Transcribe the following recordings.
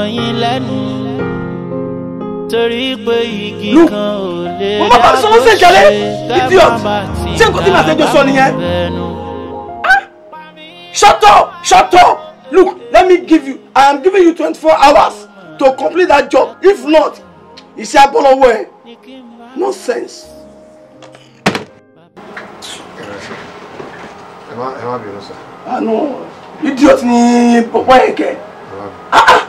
mọ́ yín lẹ́nu torí pé igi kan ò lè dá bó ṣe dábàbà tí dábàbà bẹnu. Ah! Shut up! Shut up! Look, let me give you. I am giving you 24 hours to complete that job. If not, you it's a ball away. Nonsense. Ẹ má bínú sá. Àná ah, idiot ni bọ̀bọ̀ ẹ̀kẹ́. Ẹ má bínú. Ah,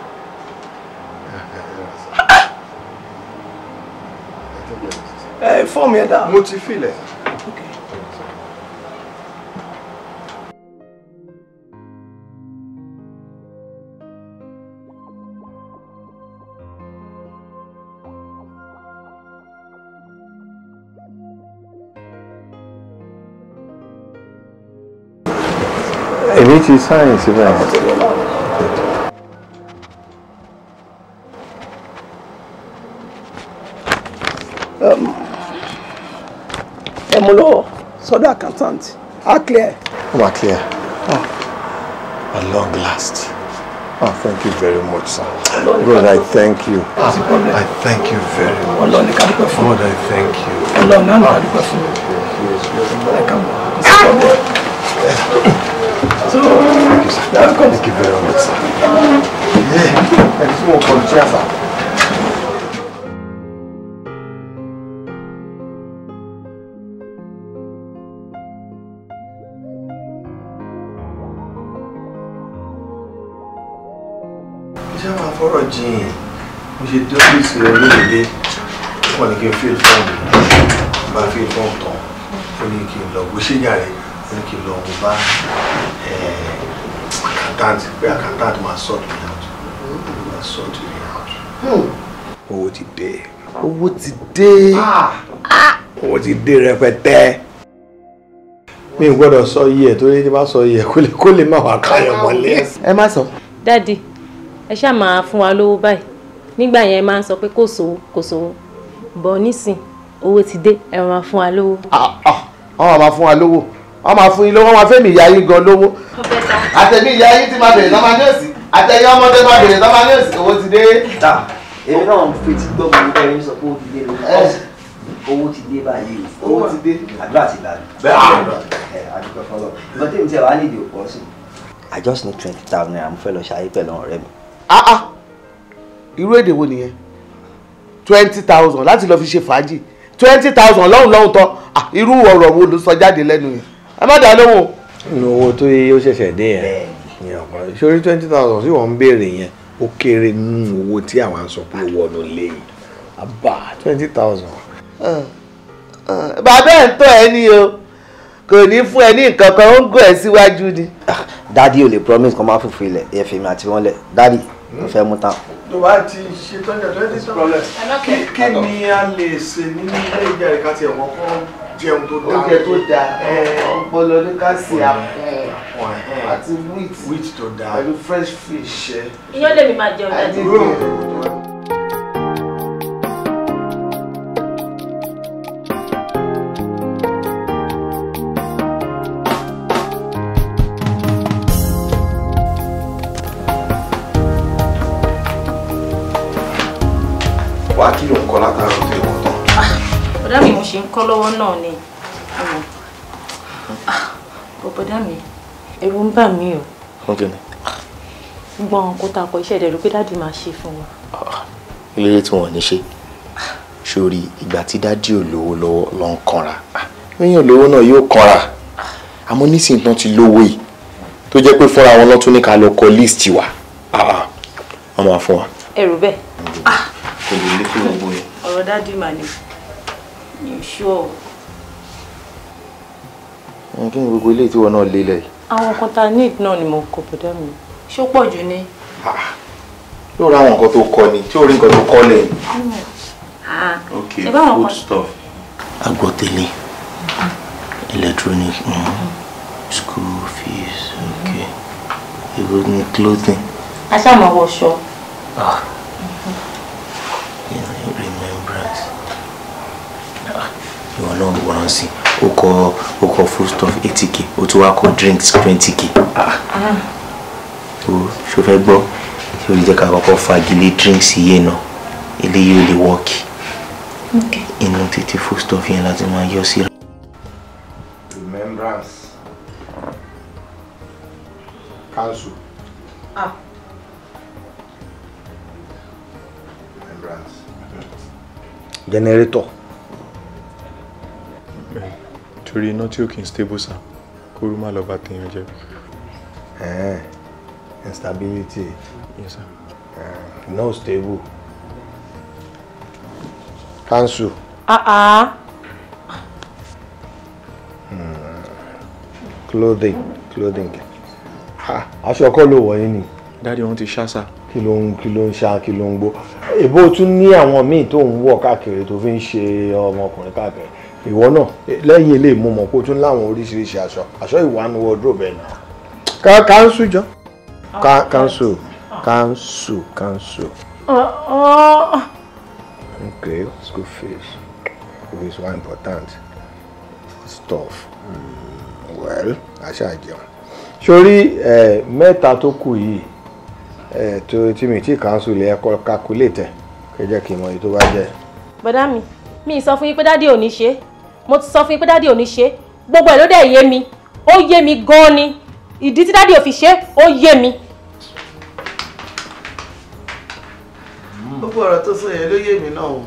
Eh, é, é form yẹn é dà. Mo ti filẹ̀. èmi ti mú lọ́wọ́ sọ́dọ̀ accountant á clear. ó máa clear ah at long last ah thank you very much sir God I thank you I thank you very much Ọlọ́run ní ká dúpẹ́ fún God I thank you Ọlọ́run náà ní ká dúpẹ́ fún ẹ ká mọ sí ọgbẹ. So, thank you, very much, sir. Yeah, jìn mo ṣe dé ọ́fíìsì rẹ lóde wọn ní kí n fíìl fọ́ọ̀mù bá fíìl fọ́ọ̀mù tán ó ní kí n lọ gbé ṣéjà rẹ ó ní kí n lọ wọ bá eh, accountant pé accountant máa sort me out máa sort me out. Hmm. owó ti dé. owó ti dé. Ah! Ah! owó ti dé rẹpẹtẹ mi ò gbọ́dọ̀ sọ iye ẹ̀ torí tí bá sọ iye kó lè má wàá káyọ̀ mọ́lẹ̀. ẹ má sọ. dadi ẹ ṣáà máa fún wa lówó báyìí nígbà yẹn máa ń sọ pé kò sówó kò sówó bọ̀ nísìn owó ti dé ẹ máa fún wa lówó. àwọn máa fún wa lówó wọ́n máa fún yín lówó wọ́n máa fẹ́mi ìyá yín gan lówó àtẹ̀mí ìyá yín ti máa bẹ̀rẹ̀ lọ́mọ nọ́ọ̀sì àtẹ̀yìn ọmọdé máa bẹ̀rẹ̀ lọ́mọ nọ́ọ̀sì owó ti dé. èmi náà ń fetí gbọ́ mi nípa ẹni sọ pé ó ti dé lórí owó ti dé báyìí owó ti dé àdúrà ti là I just need twenty thousand naira mo fẹ́ lọ ṣayé pẹ̀lú ọ̀rẹ́ mi ah ah irú èdè wo nìyẹn twenty thousand láti lọ fi ṣe fàájì twenty thousand lọ́hùn lọ́hùn tán ah irú ọ̀rọ̀ wo ló sọ jáde lẹ́nu yẹn ẹ má dàá lóhùn o. inú owó tó yẹ ó ṣẹ̀ṣẹ̀ dé yẹn sórí twenty thousand tí wọ́n ń béèrè yẹn ó kéré nínú owó tí àwọn à ń sọ pé ó wọnú lé yìí àbá twenty thousand. bàbá ẹ̀ ń tọ́ ẹ ní o kò ní fún ẹ ní nǹkan kan ó ń gò ẹ́ síwájú ni. Ah, dádì ò lè promise kó má fòfin ilẹ̀ ẹ fi mi àti wọn lẹ̀ dádì mo hmm? fẹ́ mú tán. tó bá ti ṣe tọ́jà tó yẹ ti tán kí kí ni a lè ṣe nínú ilé ìjà rẹ̀ ká ẹ̀wọ̀n kọ́ jẹun tó dáa oúnjẹ tó dáa ọpọlọ ní ká sí àti wheat pẹ̀lú fresh fish. iyán lèmi máa jẹun dájú. wà á kí ló ń kọ látara ọdún ẹ̀kọ́ tán. Ah, bọ̀dá mi mo ṣe ń kọ́ lọ́wọ́ náà ni ah, bọ̀dá mi ẹ̀rù ń bà mí o. gbọ́n kó ta ọkọ̀ iṣẹ́ ìdẹ̀rù pé dáàdì máa ṣe fún wa. Ah, ilé tí wọn ò ní ṣe sórí ìgbà tí dádì ò lówó lọ́wọ́ ló ń kanra lẹ́yìn olówó náà yóò kanra àmọ́ nísìnyí tán ti lówó yìí tó jẹ́ pé fúnra wọn lọ́tún ní ká lọ kọ list wa wọ́n máa fún wa. ẹrù bẹ́ẹ̀ kò lè ní kí wọ́n bọ̀ yẹn. ọ̀rọ̀ dádì mà ní mi ò ṣú ọ̀. kí ni gbogbo ilé ìtiwọ́ náà lélẹ̀ yìí. àwọn nǹkan tá a ní ìdí náà ni mo kọ bọ̀dá mi. ṣó pọ̀ jù ni. yóò ra àwọn nǹkan tó kọ ni tí ò rí nǹkan tó kọ lẹ̀. ok good stuff. agbọ́tẹ̀lẹ̀ electronic mm. Mm. school fees okay. Mm. even clothing. aṣáàmọ̀ wọṣọ. Ah. ọlọ́run wọ́n sí o kọ o kọ foodstuff eighty k o tún wá kọ drinks twenty k ah. o ṣo fẹ́ gbọ́ ṣe o lè jẹ́ ká kọ́kọ́ fagilé drinks yìí náà eléyìí ò lè wọ́ọ̀kì inú títí foodstuff yẹn láti máa yọ síra. remembrance council. Ah. Remembrance. Generator torí iná tí ò kì í stable sàn kóru má lọ́ọ́ bá tèèyàn jẹ́. instability yes, sir. Uh, no stable cancel. Uh ah, -uh. Ah. Hmm. clothing clothing aṣọ kọ́ ló wọ̀ yín ni. dáàdi wọn ti ṣáṣà. kí ló ń kí ló ń ṣá kí ló ń gbó. èbó tún ní àwọn míì tó ń wọ̀ káàkiri tó fi ń ṣe ọmọkùnrin káàkiri ìwọ náà lẹ́yìn ilé mo mọ̀ pé o tún láwọn oríṣiríṣi aṣọ aṣọ ìwà ni wardrobe ẹ̀ náà. ká kánṣu jọ kánṣu kánṣu kánṣu. okay school fees It is one important stuff mm, well aṣáá jẹun. sórí mẹ́ta tó kù yìí tó tí mi tí kánṣu lè ẹ̀kọ́ calculate ẹ̀ kẹjẹ́ kí n mọ iye tó bá jẹ́. bọ́dá mi mi sọ fún yín pé dádì ò ní ṣe é mo ti sọ fún yín pé dádì ò ní ṣe gbogbo ẹ̀ ló dẹ̀ yé mi ó yé mi gan-an ni ìdí tí dádì ò fi ṣe ó yé mi. gbogbo ọ̀rọ̀ tó sọ yẹn ló yé mi náà o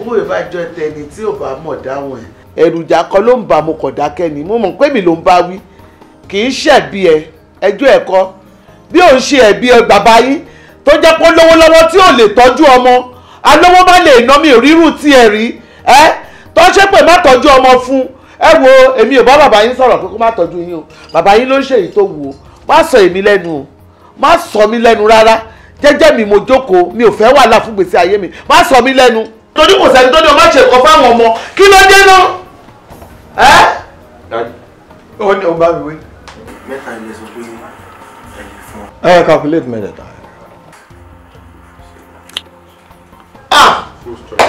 owó ìbájọ tẹni tí ò bá mọ̀ dáhùn ẹ̀. èròjà kan ló ń bá mo kọ̀ dákẹ́ ni mo mọ̀ pé mi ló ń bá wí kì í ṣẹ̀bi ẹ ẹjọ́ ẹ̀kọ́ bí ò ń ṣe ẹ̀bi bàbá yín tó jẹ́ pé ó lówó tí ò lè tọ́jú ọmọ alówó má lè ná mi rírù tí ẹ rí ẹ́ tó ṣe pé má tọ́jú ọmọ fún ẹ wo èmi ò bá bàbá yín sọ̀rọ̀ pé kó má tọ́jú yín o bàbá yín ló ń ṣe èyí tó wù o má sọ èmi lẹ́nu o má sọ mi lẹ́nu rárá jẹ́jẹ́ mi mo jókòó mi ò fẹ́ wàhálà fún gbèsè ayé mi má sọ mi lẹ́nu. torí kò sẹ́ni tó ní o má ṣe nǹkan fáwọn ọmọ kí ló dé náà. ẹ. dájú ó ní ọba mi wé. ẹ calculate mẹ́tẹ̀ẹ̀ta. ah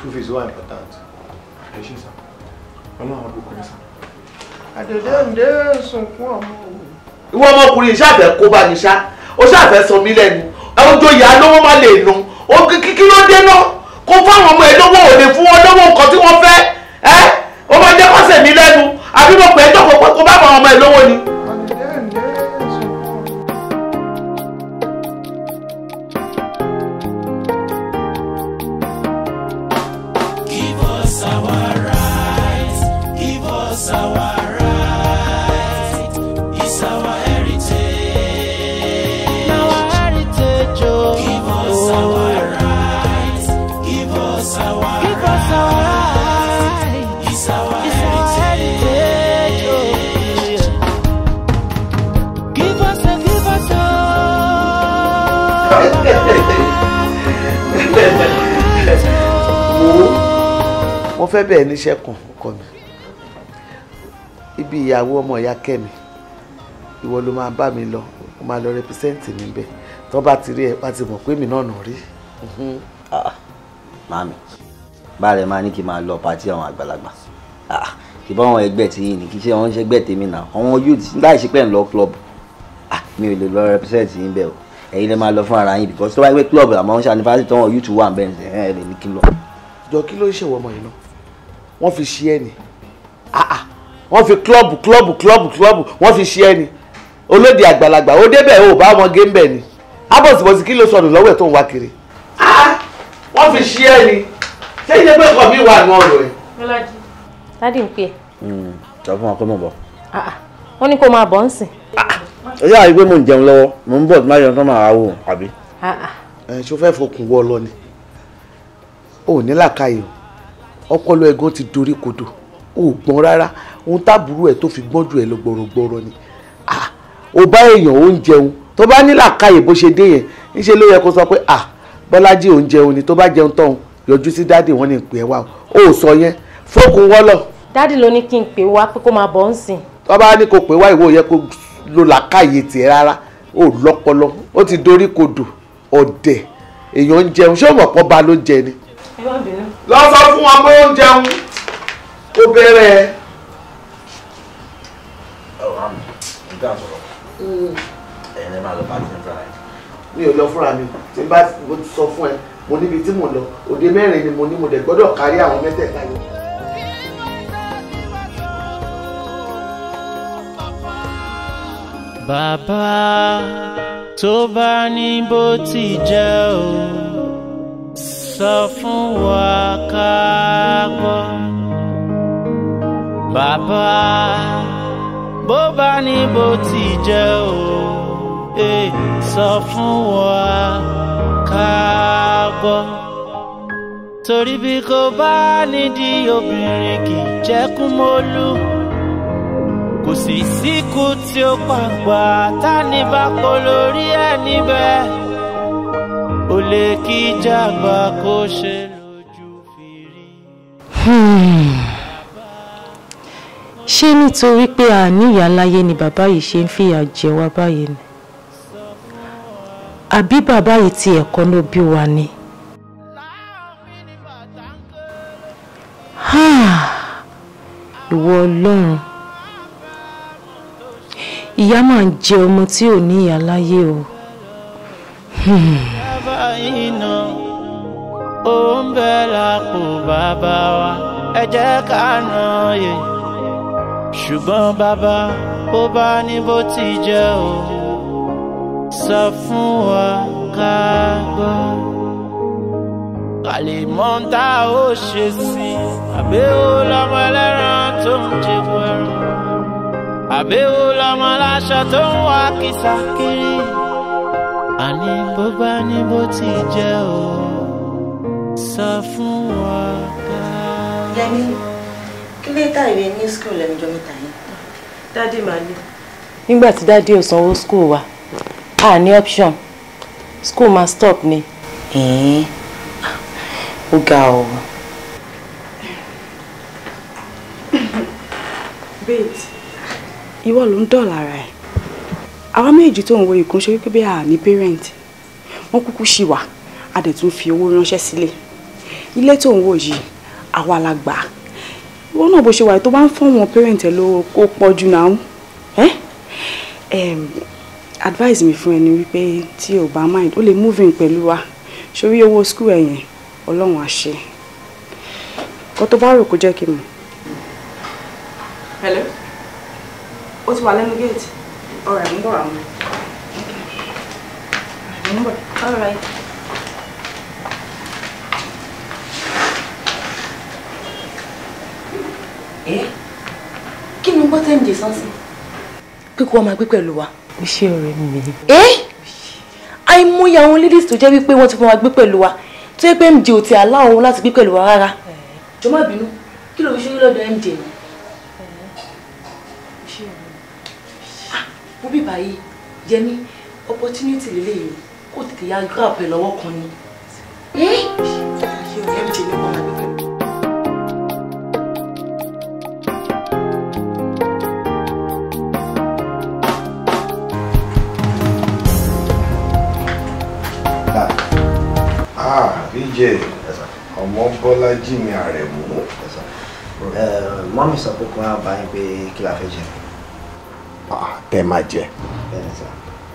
school fees wà important. ẹ ṣe sá ọlọ́run àbùkù ẹ sá. àdèdè ǹdẹ́ sunkún ọmọ òun. ìwọ ọmọkùnrin ìṣàfẹ́ kó bá ní ṣá ó ṣàfẹ́ sọ mí lẹ́nu ọjọ́ ìyá lówó má lè nu ó kí ló dé náà kó fáwọn ọmọ ẹ lówó ò lè fún wọn lówó nǹkan tí wọ́n fẹ́ ẹ́ ó máa jẹ́ kọ́sẹ̀ mi lẹ́nu àbí mo pẹ́ dọ́kọ̀ pé kó bá àwọn ọmọ ẹ lówó ni. mo fẹ́ bẹ̀ẹ́ níṣẹ́ kan ọkọ mi ibi ìyàwó ọmọ ìyá kẹ́mi ìwọ ló máa bá mi lọ ó máa lọ rẹpísẹ́ǹtì mi bẹ́ẹ̀ tó bá ti rí ẹ bá ti mọ̀ pé mi náà nà rí. màmí ah, báàrẹ̀ máa ní kí n máa lọ pàtí àwọn àgbàlagbà ah, kì bá àwọn ẹgbẹ́ tí yìí ní kí ṣe àwọn ṣẹgbẹ́ tèmi náà àwọn youth láì ṣe ń lọ club ah, mi ò lè lọ rẹpísẹ́ǹtì yín bẹ́ẹ̀ o ẹ̀yin lè máa lọ fún ara yín because tó bá gbé club àmọ́ ṣànífàṣì tọ́wọ́ youth wà bẹ́ẹ̀ ẹ̀ lè ní kí n lọ. jọ kí ló ń ṣèwọ́ ọmọ yìí náà wọ́n fi ṣe ẹ́ ni ah, ah, wọ́n fi club, club, club, club. wọ́n fi ṣe ẹ́ ni olóde àgbàlagbà ó débẹ̀ ó bá wọn gé ń bẹ̀ ni abọ̀sibọ̀sì kí ló sọnù lọ́wọ́ ẹ̀ tó ń wá kiri ah, wọ́n fi ṣe ẹ́ ni ṣé ilé pé kọ̀ mi wà ní ọ̀rọ̀ ẹ̀. ládì ń pè é. sọ hmm, fún wa pé mo bọ̀. wọ́n ní kó máa bọ̀ ń sìn. ó yà wípé mò ń jẹun lọ́wọ́ mò ń bọ̀ tí máa yọ tán máa wò àbí. ṣé o fẹ́ fokùn wọ ọ lọ ni o ò ní làákàyè o ọpọlọ ẹ̀gán ti dorí kodò ò gbọ́n rárá ohun táàbùrú ẹ̀ tó fi gbọ́n jù ẹ̀ lọ gbọ̀rọ̀gbọ̀rọ̀ ni ò bá èèyàn ó ń jẹun tó bá ní làákàyè bó ṣe dé yẹn níṣẹ́ ló yẹ kó sọ pé à bọ́lájì ò ń jẹun ni tó bá jẹun tán yọjú sí dáàdì wọn ni ń pè ẹ́ wá o ò sọ yẹn fókun wọ́lọ̀. dáàdì ló ní kí n pè wá pé kó máa bọ̀ ń sìn. tó bá ní kó pè wá ìwọ yẹ kó lo làákàyè tiẹ̀ rárá o lọ́pọlọ ó ti dorí kodò ọ̀dẹ̀ èèyàn ń jẹun ṣé o ba ló jẹ ni lọ sọ fún wọn pé ó ń jẹun ó bẹ̀rẹ̀ mi ò lọ fúnra mi tí n bá sọ fún ẹ mo níbi tí mo lọ òde mẹ́rin ni mo ní mo dẹ̀ gbọ́dọ̀ kárí àwọn mẹ́tẹ̀ẹ̀ta yìí. bàbá tó bá ní bó ti jẹ́ o sọ fún wa ká gbọ́. Bàbá bó bá ní bó ti jẹ́ o, ẹ eh, sọ fún wa ká gbọ́. Torí bí kò bá nídìí obìnrin kì í jẹ́ Kúmólú. Kò sì síkú tí ó pàgbà tánibà kò lórí ẹ̀ níbẹ̀ ó lè kí jàmbá kó ṣe lójú fìrí. ṣé nítorí pé a níyà láyé ni bàbá yìí ṣe ń fìyà jẹ wá báyìí ni àbí bàbá yìí ti ẹ̀kọ́ ló bí wa ni. ìwọ ọlọ́run ìyá máa ń jẹ ọmọ tí ò ní ìyá láyé o. Hmm iná ó ń bẹ lápò bàbá wa ẹ jẹ́ ká nà yè ṣùgbọ́n bàbá ó bá ní bó ti jẹ́ o sọ fún wa ká gbọ́ kàlè mọ́ ń ó ṣe sí àbẹ́wò lọ́mọ ẹlẹ́ran tó ń jẹ̀kọ́ ẹran àbẹ́wò lọ́mọ aláṣọ tó ń wá kìsàkiri àní bó bá ní bó ti jẹ́ o sọ fún wa ká. yẹmi kí lè ta ìwé ní skul lẹ́nu ọjọ́ mẹ́ta yìí. dádì máa ní. nígbà tí dádì ò sanwó skul wa a ní option skul máa stop ni. ó ga ọ. babes ìwọ ló ń dọ̀là ara ẹ̀ àwa méjì tó ń wo ìkún ṣe wípé bí a parent wọn kúkú ṣì wà a dẹ̀ tún fi owó ránṣẹ́ sílé ilé tó ń wò yìí àwa la gbà á wọn náà bó ṣe wà tó bá ń fọwọn parent ẹ ló kó pọ̀ jù náà advice mi fún ẹni wípé tí o bá mind o lè move in pẹ̀lú wa sórí owó school ẹ̀yìn ọlọ́run àṣẹ kó tó bá rò kó jẹ́ kí n mọ̀. hello O ti wà lẹ́nu gate. All right, mo bọ̀ wá mọ́. Okay. Mo bọ̀. All right. Ẹ́ eh? kí ni gbọ́tẹ́ ń jẹ sánsì? Pé kí wọ́n máa gbé pẹ̀lú wa. Iṣẹ́ ọ̀rẹ́ mi. Ẹ́ eh? àìmọye only this tó jẹ́ wípé wọ́n ti fún wa gbé pẹ̀lú wa tó yẹ pé MJ o ti àlá òun láti gbé pẹ̀lú wa rárá. Eh. Jọ má bínú, kí ló fi ṣe lọ́dọ̀ MJ náà? bí báyìí Yẹmí opportunity lélẹ̀ yìí kò tètè yá grab ẹ̀ lọ́wọ́ kan ni. ṣé o yẹ mi jẹ nípa àgbẹ̀. DJ ọmọ Bọ́lájí mi Àrẹ̀mú mọ́mí sọ pé kí wọ́n á bá yín pé kí la fẹ́ jẹ tẹ́ máa jẹ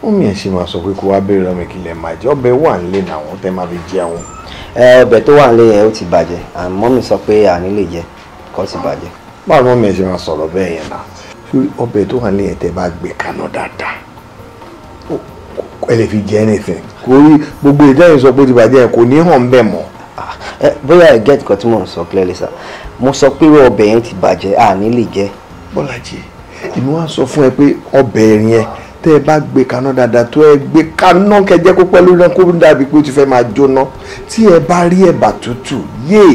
mọ́mí ẹ̀ ṣe máa sọ pé kó wá bèrè lọ́mọ ìkìlẹ̀ máa jẹ ọbẹ̀ wà nílé làwọn tẹ́ máa fi jẹun. ẹ ọbẹ̀ tó wà nílé yẹn ó ti bàjẹ́ àmọ́ mọ́mí sọ pé àní lè jẹ kó ti bàjẹ́. báwo ni mọ́mí ẹ̀ ṣe máa sọ̀rọ̀ bẹ́ẹ̀ yẹn náà sórí ọbẹ̀ tó wà nílé yẹn tẹ́ bá gbé kaná dáadáa ẹ lè fi jẹ anything kò rí gbogbo ìdáhùn sọ pé ó ti bàjẹ́ yẹn kò ní hàn bẹ́ẹ̀ mọ́ ah, bóyá ẹ gẹ́tì kan tí mò ń sọ clearly sir mo sọ pé ọbẹ̀ yẹn ti bàjẹ́ àní lè jẹ. Bọ́lájí èmi wá sọ fún ẹ pé ọbẹ̀ ẹ̀rìn ẹ tẹ́ ẹ bá gbé kaná dáadáa tó ẹ gbé kaná kẹjẹ kó pẹ́ lórí náà kó dàbí pé ó ti fẹ́ máa jóná tí ẹ bá rí ẹ̀bà tútù yéè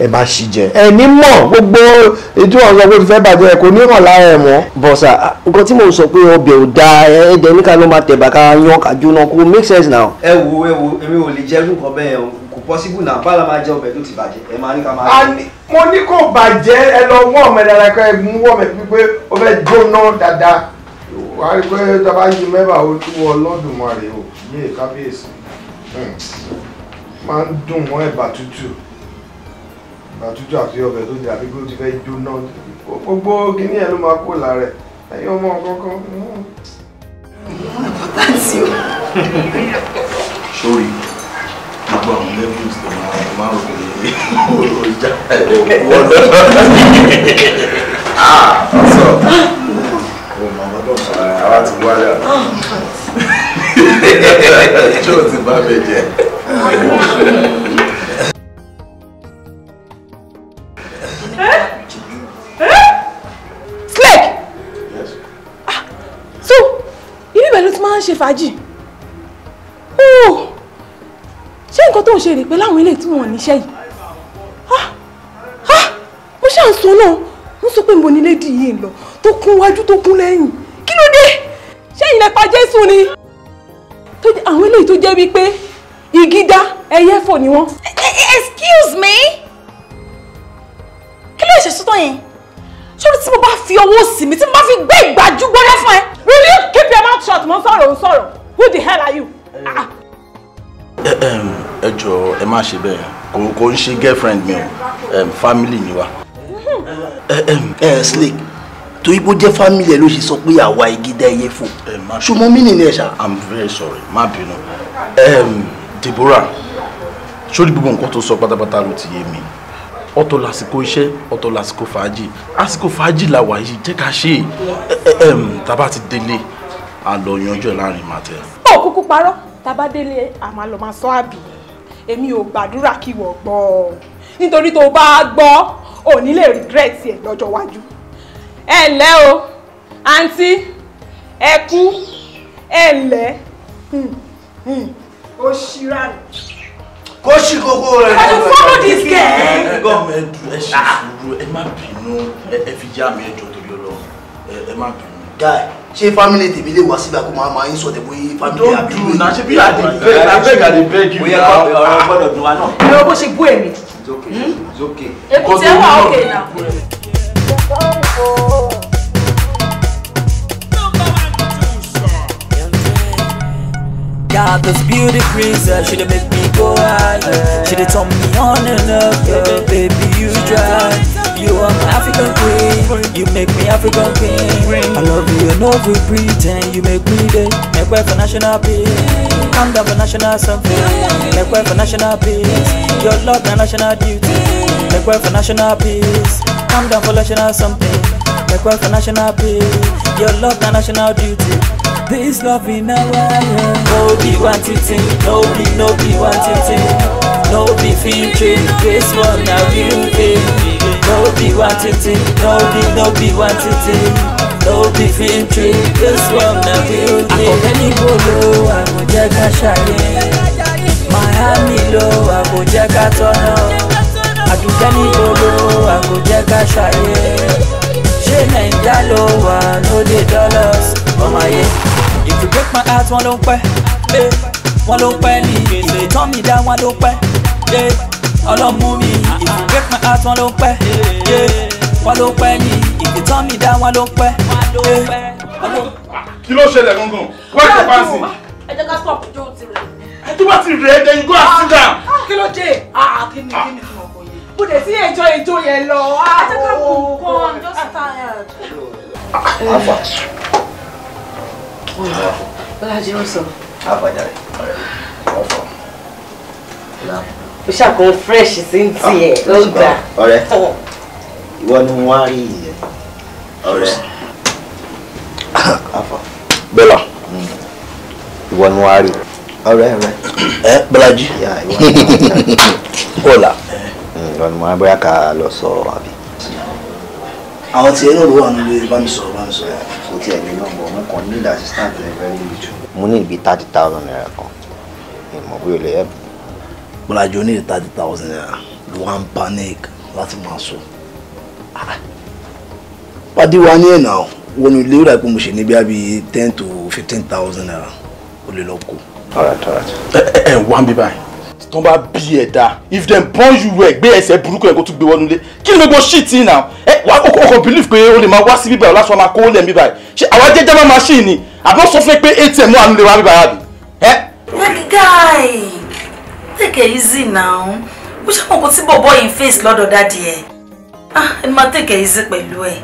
ẹ máa ṣì jẹ. ẹ ní mọ gbogbo ètò ọ̀sán pé fẹ́ bàjẹ́ ẹ kò ní mọ̀ lára ẹ mọ́. bọ̀sà nǹkan tí mò ń sọ pé ọbẹ̀ ò dáa ẹ̀ẹ́dẹ̀ níkà máa tẹ̀bà ká yan ká jóná kó make sense now. ẹ wo ẹ wo èmi ò lè jẹ́ nǹkan bẹ́ẹ̀ o possible na bá la máa jẹ ọbẹ̀ tó ti bàjẹ́ ẹ máa ní ká máa. mo ní kò bàjẹ́ ẹ lọ wọ́n ọmọ ẹ̀dá kan ẹ mú wọ́n mẹ́ pípé ó fẹ́ jóná dáadáa wà á rí pé tọ́ba yìí mẹ́fà ó tú wọ lọ́dùnmarè o yé kábíyèsí hmm. máa ń dùn mọ́ ẹ̀bà tútù ẹ̀bà tútù àti ọbẹ̀ tó dàbí pé ó ti fẹ́ jóná gbogbo kíní ẹ̀ ló máa kó lára ẹ̀ ẹ̀yin ọmọ kankan. àbọ̀tá tí o. sórí gbogbo àwọn levels tó máa ń máa ń rò pé ó já wọ́n lọ. sọ o mọ ọdún kan àwa ti wá yà jó ti bá mi jẹ. Slake! Yes. Ah, so, ibi bẹ̀rù ti máa ń ṣe fàájì. tó ṣe rè pé láwọn ilé tí wọ́n níṣẹ́ yìí mo ṣáà ń sọ náà mo sọ pé mo ní lédi yìí lọ tó kún wájú tó kún lẹ́yìn kí ló dé ṣẹ́yìn lẹ Jésù ni àwọn eléyìí tó jẹ́ wípé igi dá ẹyẹ fò ni wọ́n. E, e, e, excuse me kí ló ṣe sọ́tọ̀ yẹn sórí tí mo bá fi ọwọ́ sí mi tí mo bá fi gbé ìgbájú gbọ́dọ̀ fún ẹ. will you keep your mouth shut mo ń sọ̀rọ̀ ń sọ̀rọ̀ who the hell are you. Uh, ah ẹ jọ ẹ má ṣe bẹ́ẹ̀ kò kò ń ṣe girlfriend mi o family mi wa. snake torí bó jẹ́ family ẹ ló ṣe sọ pé àwa igi dá iye fò ṣùgbọ́n mí nìyẹn ṣá. i'm very sorry má bínú Deborah sórí gbogbo nǹkan tó sọ pátápátá ló ti yé mi ọ̀tọ̀ lásìkò iṣẹ́ ọ̀tọ̀ lásìkò fàájì àsìkò fàájì la wà yìí jẹ́ ká ṣe é tàbá ti délé a lọ yanjú ẹ̀ láàrin màtẹ. ó kúkú parọ́ tàbá délé a máa sọ àbí èmi ò gbàdúrà kí wọ́n gbọ́ ọ nítorí tó bá gbọ́ ò ní lè regret ẹ̀ lọ́jọ́ iwájú. ẹ ǹlẹ́ o àǹtí ẹ kú ẹ ǹlẹ́ ó ṣíra nù. kó ṣí kókó rẹ̀ lọ́wọ́ ẹ̀ follow this girl. ẹ gbọ́ mi ẹ ṣe sùúrù ẹ má bínú ẹ fi já mi ẹ jọ torí ọlọ́run ẹ má bínú guy ṣé family tèmi lè wá síbi àkómọ àmọ àyín sọtẹ bóyá family àbí ìlú náà ṣe bí àdé bẹ́ẹ̀ abeg àdé bẹ́ẹ̀ jù bóyá ọ̀rọ̀ gbọ́dọ̀ dùn wa náà. ìrọ̀ bó ṣe gbó ẹ̀mí. Hmm? èkúté wà ókè náà. Got this beauty princess, she done make me go higher. She done turn me on and up, yeah. baby you drive. You are my African queen. You make me African king. I love you, and over we pretend. You make me day. Make way for national peace. Come down for national something. Make way for national peace. Your love, my national duty. Make way for national peace. Come down for national something. Make way for national peace. Your love, my national duty. This love in our life. No be wanting thing. No be, no be wanting thing. No be feeling. This one now real baby. No be one titty, no be, no be one titty No be film trick, this one na real thing Akọ̀kẹ́ni gbòòrò àwọn jẹ́ ká ṣàyẹ Miami lo àkó jẹ́ ká tọ́nà Àdùkẹ́ni gbòòrò àkó jẹ́ ká ṣàyẹ Ṣé Nàìjíríà I wà lóde dollars ọmọ ayé? If you break my heart, wọn ló ń pẹ́, wọ́n ló ń pẹ́ ní gbèsè tán eh, mi dá wọn ló ń ọlọ́mú mi ìfúnpẹ́ pẹ́ àtàn ló ń pẹ́ wọ́n ló ń pẹ́ ní ìfìtàn mi dá wọn ló ń pẹ́. kí ló ṣẹlẹ̀ gangan wọ́n ti pa á sí. ẹ jẹ́ ká stop jó ti rẹ̀. tó bá ti rẹ̀ ẹ́ then go and sit down. Ah, ah, kí ló dé ah, kí ni kí ni kí mo kọ yẹn. mo dẹ̀ sí ẹjọ́ ẹjọ́ yẹn lọ. ẹ jẹ́ ká mú nǹkan oh, I'm just tired. Bọ́lájí ó sọ. Àbájáde, ọ̀rẹ́ mi, ọ̀fọ̀, ìlànà o ṣàkóso fresh sí ń tiẹ̀ ó ah, gbà. ọ̀rẹ́ ìwọ ni wọn á rí ìyẹn ọ̀rẹ́ afọ. bẹ́là ìwọ ni wọn á rí. ọ̀rẹ́ ọ̀rẹ́. ẹ bọ́lájí. kọ́là ìwọ ni wọn á bóyá ká lọ sọ àbí. àwọn tí ẹnu olùwà nílé bá mi sọ̀rọ̀ bá mi sọ̀rọ̀. kò tiẹ̀ ní nọ́mbà wọn kàn ní ìdásí sáà tẹ̀lé fẹ́ẹ́ níbi jù. mo ní ibi thirty thousand naira kan ìmọ̀ bí o lè yẹ mi. Bọ́lájí ó ní thirty thousand naira ló wá ń panic láti máa sọ. pàdé ah. wa ní ẹ̀nà wọn ilé ó dàgbé mo ṣe ní bíi ten to fifteen thousand naira ó lè lọ kó. ẹ ẹ wá ń bí báyìí tó bá bí ẹ if them born you well be ẹsẹ̀ burúkú ẹ go to gbé one lé Kill me go shit yìí náà ẹ wà ó kò believe pé o lè máa wá sí bíbá ọ lásán máa kó lẹ̀ bíbá ẹ ṣé àwa jẹjẹ máa máa ṣì ní àbọ̀ sọ fún ẹ pé atm wà nílé be bíbá Eh? bí. guy take it easy now ó ṣe àwọn nǹkan tí bọ̀bọ̀ yìí ń face lọ́dọ̀ dáàdi Ah, ẹ máa take it easy pẹ̀lú ẹ̀.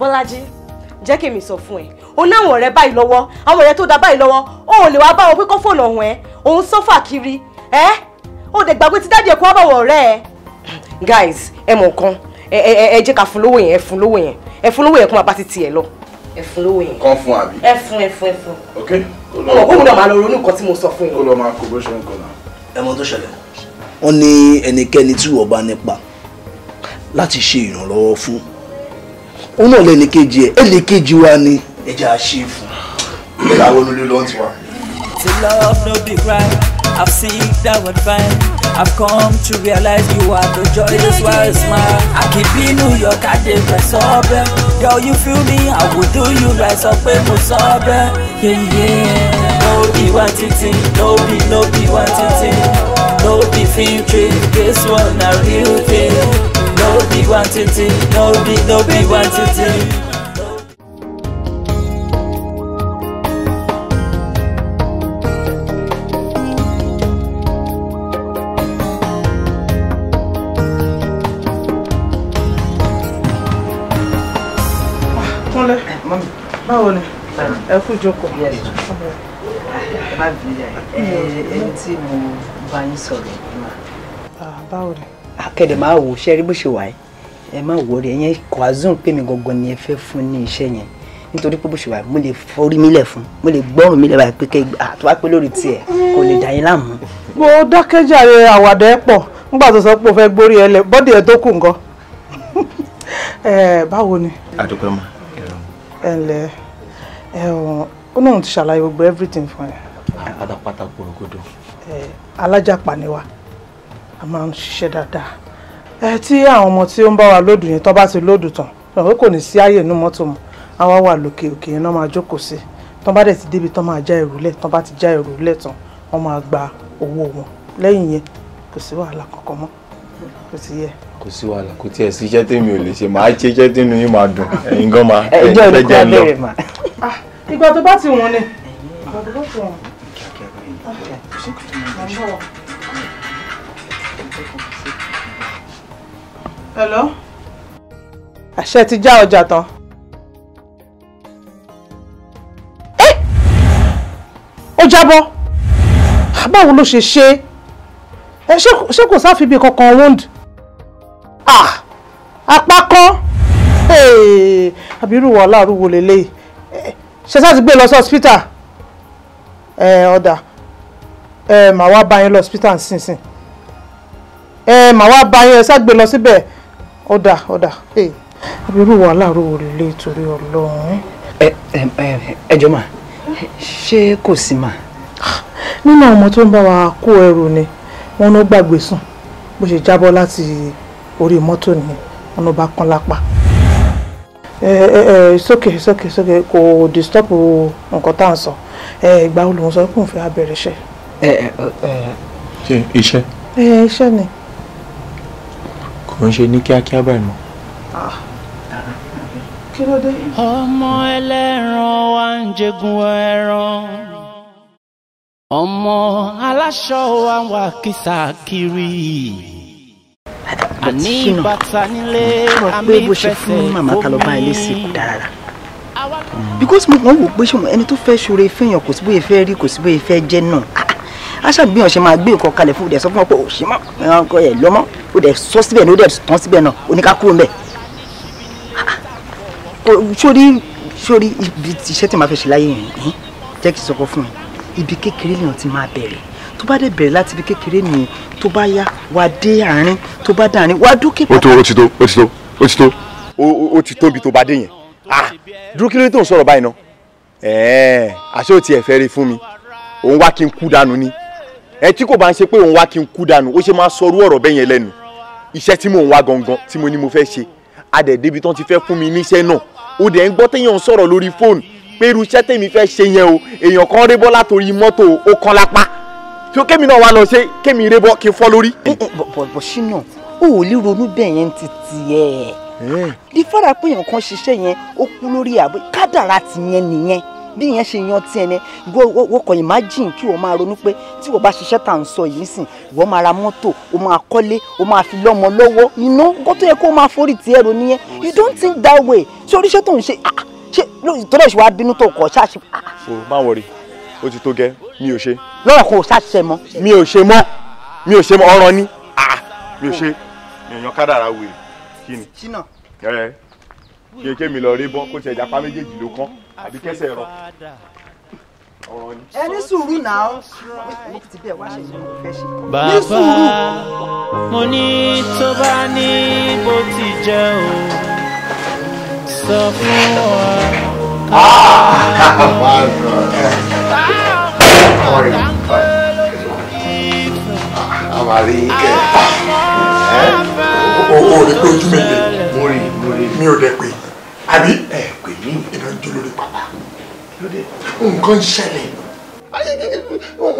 bọ́lájí jẹ́ kí èmi sọ fún ẹ òun náà àwọn ọ̀rẹ́ báyìí lọ́wọ́ àwọn ọ̀rẹ́ tó da báyìí lọ́wọ́ ó ò lè wá bá wọn pé kó fóònù ọ̀hún ẹ òun sọ́fà kiri ẹ ó dẹ̀ gbàgbé ti dáàdi ẹ̀ kó wá bá wọn ọ̀rẹ́ ẹ. guys ẹ mọ̀ nǹkan ẹ ẹ ẹ jẹ́ ká fún lówó yẹn ẹ fún lówó yẹn ẹ fún lówó yẹn kó máa bá ti tiẹ̀ lọ ẹ fún lówó yẹn. kàn fún àbí. ẹ fún ẹ fún ẹ fún. ok. ọmọ kó mo náà máa lọ ronú nǹkan tí mo sọ fún yín. kó lọ máa kó bó ṣe ń kọ náà ẹmọ tó ṣẹlẹ̀. wọ́n ní ẹnikẹ́ni tí wọ́n bá nípa láti ṣe ìrànlọ́wọ́ fún òun náà lẹ́nìkejì ẹ̀ ẹnìkejì wa ni. ẹ jẹ́ àṣẹ fún un ẹ láwọn olólè lọ́n ti wá. to love no be crime i've seen that one fine i've come to realize you are the joyous wise man i keep in new york i dey press up eh. girl you feel me i go do you right sọ pé mo sọ bẹ́ẹ̀ Yeah, yeah be one thing, no be, no be one thing. No be film trick, this one a real thing. No be one thing, no be, no be one thing. Kúnlé, báwo ni? Ẹ kú jókòó ẹ bá bí mm. ẹni tí mo bá yín sọ̀rọ̀ ẹ máa. báwo ni. akẹ́dẹ̀ máa wò ṣe rí bó ṣe wà yìí ẹ má wọrí ẹ yẹn kwazun pé mi gangan ni ẹ fẹ́ fún ní iṣẹ́ yẹn nítorí pé bó ṣe wà mo lè forí mi lẹ̀ fún mo lè gbọ́rùn mi lẹ̀ báyìí pé kẹ́ àtúwá pé lórí tiẹ̀ kò lè dà yín láàmú. mo dákẹ́jàre àwàdà ẹ pọ̀ nígbà tó sọ pé o fẹ́ gbórí ẹ lẹ̀ bọ́dì ẹ tó kù nǹkan báwo ni. àdúgbò ma. ẹ ǹlẹ́ ẹ ọ̀ ó náà ti ṣàlàyé gbogbo everything fún ẹ pátápátá gbòrògbòdò. alájàpá ni wa a máa ń ṣiṣẹ́ dáadáa ẹ tí àwọn ọmọ tí ó ń bá wa lódù yẹn tó bá ti lódù tán ọ̀rọ̀ kò ní sí ààyè inú mọ́tò mu àwa wà lókè òkè yẹn náà máa jókòó sí tó bá dẹ̀ ti débi tó máa já ìrùlẹ̀ tó bá ti já ìrùlẹ̀ tán wọ́n máa gba owó wọn lẹ́yìn yẹn kò sí wàhálà kankan mọ́ kò sí yẹ kò sí wàhálà kò tiẹ̀ sí iṣẹ́ tèmi ò lè ṣe màá ṣe iṣẹ́ tèmi yín máa dùn ẹ̀yin gan máa ẹ̀ ẹ̀ jẹ́ ẹ̀ lọ. Ah, ìgbà tó bá ti wọ̀n ni ìgbà tó bá ti wọ̀n sí kò tó máa ń hello. àṣẹ ti já ọjà tán. ó jábọ́ báwo ló ṣe ṣe é ṣé kò sáfibì kankan wound apá kan àbí irú wàhálà arúgbó lélẹ́yìí ṣe sá ti gbé lọ sí hospital ọ̀dà. Eh, ẹ màá wá bá yín lọ hospital nísinsìnyí ẹ màá wá bá yín ẹ ṣàgbé lọ síbẹ̀ ọ̀dà ọ̀dà ẹ irú wàhálà ro ò lè torí ọlọ́run. ẹ ẹ ẹ jọ mà ṣé kò sí mà. nínú àwọn ọmọ tó ń bá wa kó ẹrù ni wọn ló gbàgbé sùn bó ṣe jábọ́ láti orí mọ́tò ni wọn ló bá kán lápá. ẹ ẹ ẹ sókè sókè sókè kò disturb nǹkan tá à ń sọ ẹ ìgbà wo lòun sọ pé òun fẹ́ abẹ́rẹ́ iṣẹ́ ṣe iṣẹ́. iṣẹ́ ni. kò ń ṣe ní kíákíá báyìí mọ́. Ah. kí ló dé. ọmọ ẹlẹ́ran wa ń jẹgun ẹran ọmọ aláṣọ wa wà kìsàkiri àní bàtà nílé àmì ìfẹsẹ̀ omi because mo kàn wò pé ṣùgbọ́n ẹni tó fẹ́ ṣoore fẹ́yàn kò sí bóyá fẹ́ rí kò sí bóyá fẹ́ jẹ́ náà ah, aṣáà bí wọn ṣe máa gbé nǹkan kalẹ̀ fún ọdẹ sọ fún wọn pé ò ṣe mọ́ ẹran ọkọ ẹ̀ lọ́mọ́ ó dẹ̀ sọ síbẹ̀ ní ó dẹ̀ tán síbẹ̀ náà oníkakú ń bẹ̀. sórí sórí ibi iṣẹ́ tí màá fẹ́ ṣe láyé yẹn jẹ́ kí n sọkọ fún mi ibi kékeré lèèyàn ti máa bẹ̀rẹ̀ tó bá dẹ̀ bẹ̀rẹ̀ láti ibi kékeré nìyẹn tó bá yá wá dé àárín tó bá dé àárín wá dókè pàtàkì. ti tó ó ti tó ó ti tó ó ti tóbi tó bá dé yẹn ah dúró kí ló tó ń sọ̀rọ̀ báyìí náà ẹ̀ẹ́ àṣé ò tiẹ̀ fẹ́ rí ẹ tí kò bá ń ṣe pé òun wá kí n kú dànù ó ṣe máa sọrú ọ̀rọ̀ bẹ́ẹ̀ yẹn lẹ́nu iṣẹ́ tí mò ń wá gangan tí mo ní mo fẹ́ ṣe adẹ̀dẹ́bi tán ti fẹ́ fún mi níṣẹ́ náà ó dẹ̀ ń gbọ́ téèyàn sọ̀rọ̀ lórí fóònù pé irú iṣẹ́ tèmi fẹ́ ṣe yẹn o èèyàn kan rébọ́ látòrí mọ́tò ó kan lápá tí ó kémi náà wá lọ ṣe kémi rébọ́ kí n fọ́ lórí. bọ̀bọ̀ ṣínà ó ò lè ronú bẹ́ẹ̀ yẹn ti tiẹ̀. di fara bí ìyẹn ṣe yan tiẹ̀ ni wọ́n kàn imagine kí wọ́n máa ronú pé tí wọ́n bá ṣiṣẹ́ tà ń sọ yìí sìn wọ́n máa ra mọ́tò o máa kọ́lé o máa fi lọ́mọ lọ́wọ́ iná kó tó yẹ kó máa forí tiẹ̀ ro nìyẹn you don't think that way ṣé oríṣẹ́ tó ń ṣe ah, ṣe tọ́lẹ̀ ṣe wá bínú tó kọ̀ ṣáṣe. o ah. má wọrí o ti tó gẹ mi ò ṣe. lọ́rọ̀ kò ṣàṣẹ mọ́. mi ò ṣe mọ́ mi ò ṣe mọ́ ọ̀rọ̀ ni ah, mi ò ṣe èèyàn kádàrá wèrè kí ni. ṣínà. ẹ ẹ kí mi lọ rí bọ́ kó ṣe ìjàpá méjèèjì ló kán àbí kẹsẹ̀ rọ ọ̀rọ̀ ni. ẹ ní sùúrù náà mo ti bẹ̀ wá ṣe ní mo fẹ́ ṣe. bàbá mo ní tó bá ní bó ti jẹ́ o sọ fún wa. Amari ike ẹ o o rí pé ojú mi lè mo rí mo rí mi ò dẹ pé àbí ẹ pè mí iná jó lórí pàpà nǹkan ṣẹlẹ̀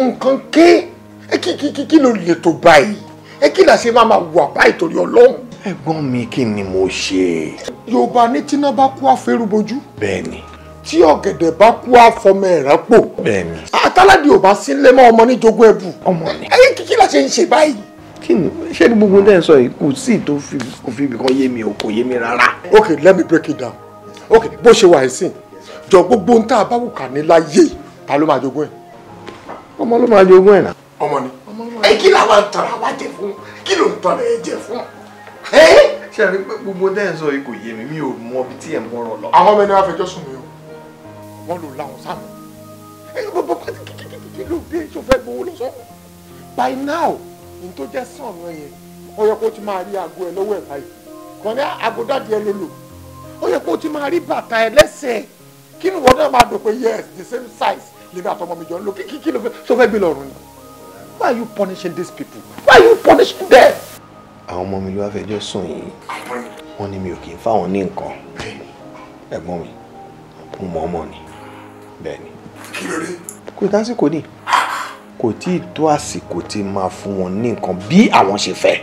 nǹkan ké kí ló lè tó báyìí ẹ kí làṣẹ máa máa wà báyìí torí ọlọ́run. ẹ̀gbọ́n mi kí ni mo ṣe. yorùbá ní tíná bá kú àfẹrúbojú. bẹ́ẹ̀ni. tí ọ̀gẹ̀dẹ̀ bá kú àfọmọ ẹ̀rá pò. bẹ́ẹ̀ni. àtàládì ò bá sílẹ̀ mọ́ ọmọ níjogún ẹ̀bù. ọmọ ni. ẹ kí kí làṣẹ ń ṣe báyìí kí ni ṣé ní gbogbo dẹ́n sọ yìí kò sí tó fi kò fi ibìkan yé mi o kò yé mi rárá. okay let me break it down ok bó ṣe wà ẹ̀sìn jọ gbogbo ń tá a bá wù kà ní láyé ta ló máa jogún ẹ̀. ọmọ ló máa jogún ẹ̀ náà. ọmọ ni ẹ kí làwọn tọrọ àwa jẹ fún kí ló ń tọrọ ẹ jẹ fún. ṣe àrí pé gbogbo dẹ́n sọ yìí kò yé mi mi ò mọ ibi tí ẹ̀ ń mọ̀rọ̀ lọ. àwọn ọmọ ẹni wàá fẹjọ́ sùn mí o wọ́n lò láwọn sáàmù ẹ yọ bọ́ pàtó kíkíkíkí ló dé ìṣòfẹ́ gbowó lọ sọ́kù by now ní tó jẹ́ sàn náà yẹn ó yẹ kó ti máa rí aago ẹ lọ́wọ́ ẹ̀ báyìí kàn ní aago dáàdi ẹ ló lò ó yẹ kó o ti máa rí bàtà ẹlẹ́sẹ̀ kí ni wọ́n náà máa dùn pé yes the same size lèmi àtọmọ mi jọ ń lò kí kí ló fẹ́ tó fẹ́ gbé lọ́rùn ni why are you punishing these people why are you punishing them. àwọn ọmọ mi ló wá fẹjọ́ sùn yìí wọ́n ní mi ò kì í fáwọn ní nǹkan ẹ̀gbọ́n mi mo mọ ọmọ ni bẹ́ẹ̀ ni. kí ló dé. kò tásìkò ni kò tí ì tó àsìkò tí máa fún wọn ní nǹkan bí àwọn ṣe fẹ́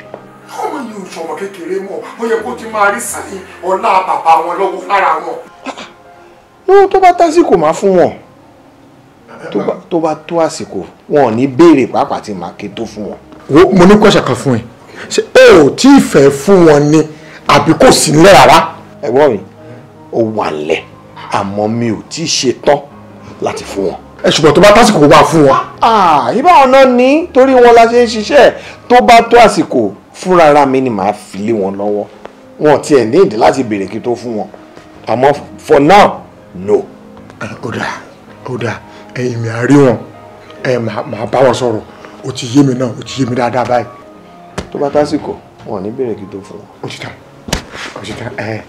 ṣọmọ kékeré mọ́ ó yẹ kó ti máa rí sẹ́yìn ọlá bàbá wọn lọ́wọ́ lára wọn. wọ́n tó bá tásìkò máa fún wọn tó bá tó àsìkò wọn ò ní béèrè pàápàá tí màá ké tó fún wọn. mo ní kọ́ṣà kan fún ẹ ṣé o ò tí ì fẹ́ fún wọn ni àbí kò sí nílẹ̀ rárá. ẹ̀gbọ́n mi ó wà lẹ̀ àmọ́ mi ò tí ì ṣe tán láti fún wọn ẹ ṣùgbọ́n tó bá tásìkò wà fún wa. Ah, ìbá ọ̀nà ni torí wọn la ṣe ń ṣiṣẹ́ tó bá tó àsìkò fúnra mi ni màá fi lé wọn lọ́wọ́ wọn tiẹ̀ ní ìdí láti béèrè kí tó fún wọn àmọ́ for now no. ó dà ó dà ẹ̀yìn mi à rí wọn ẹ̀ màá bá wọn sọ̀rọ̀ ó ti yé mi náà ó ti yé mi dáadáa báyìí. tó bá tásìkò wọn ò ní béèrè kí tó fún wọn. ó ti tán ó ti tán ẹ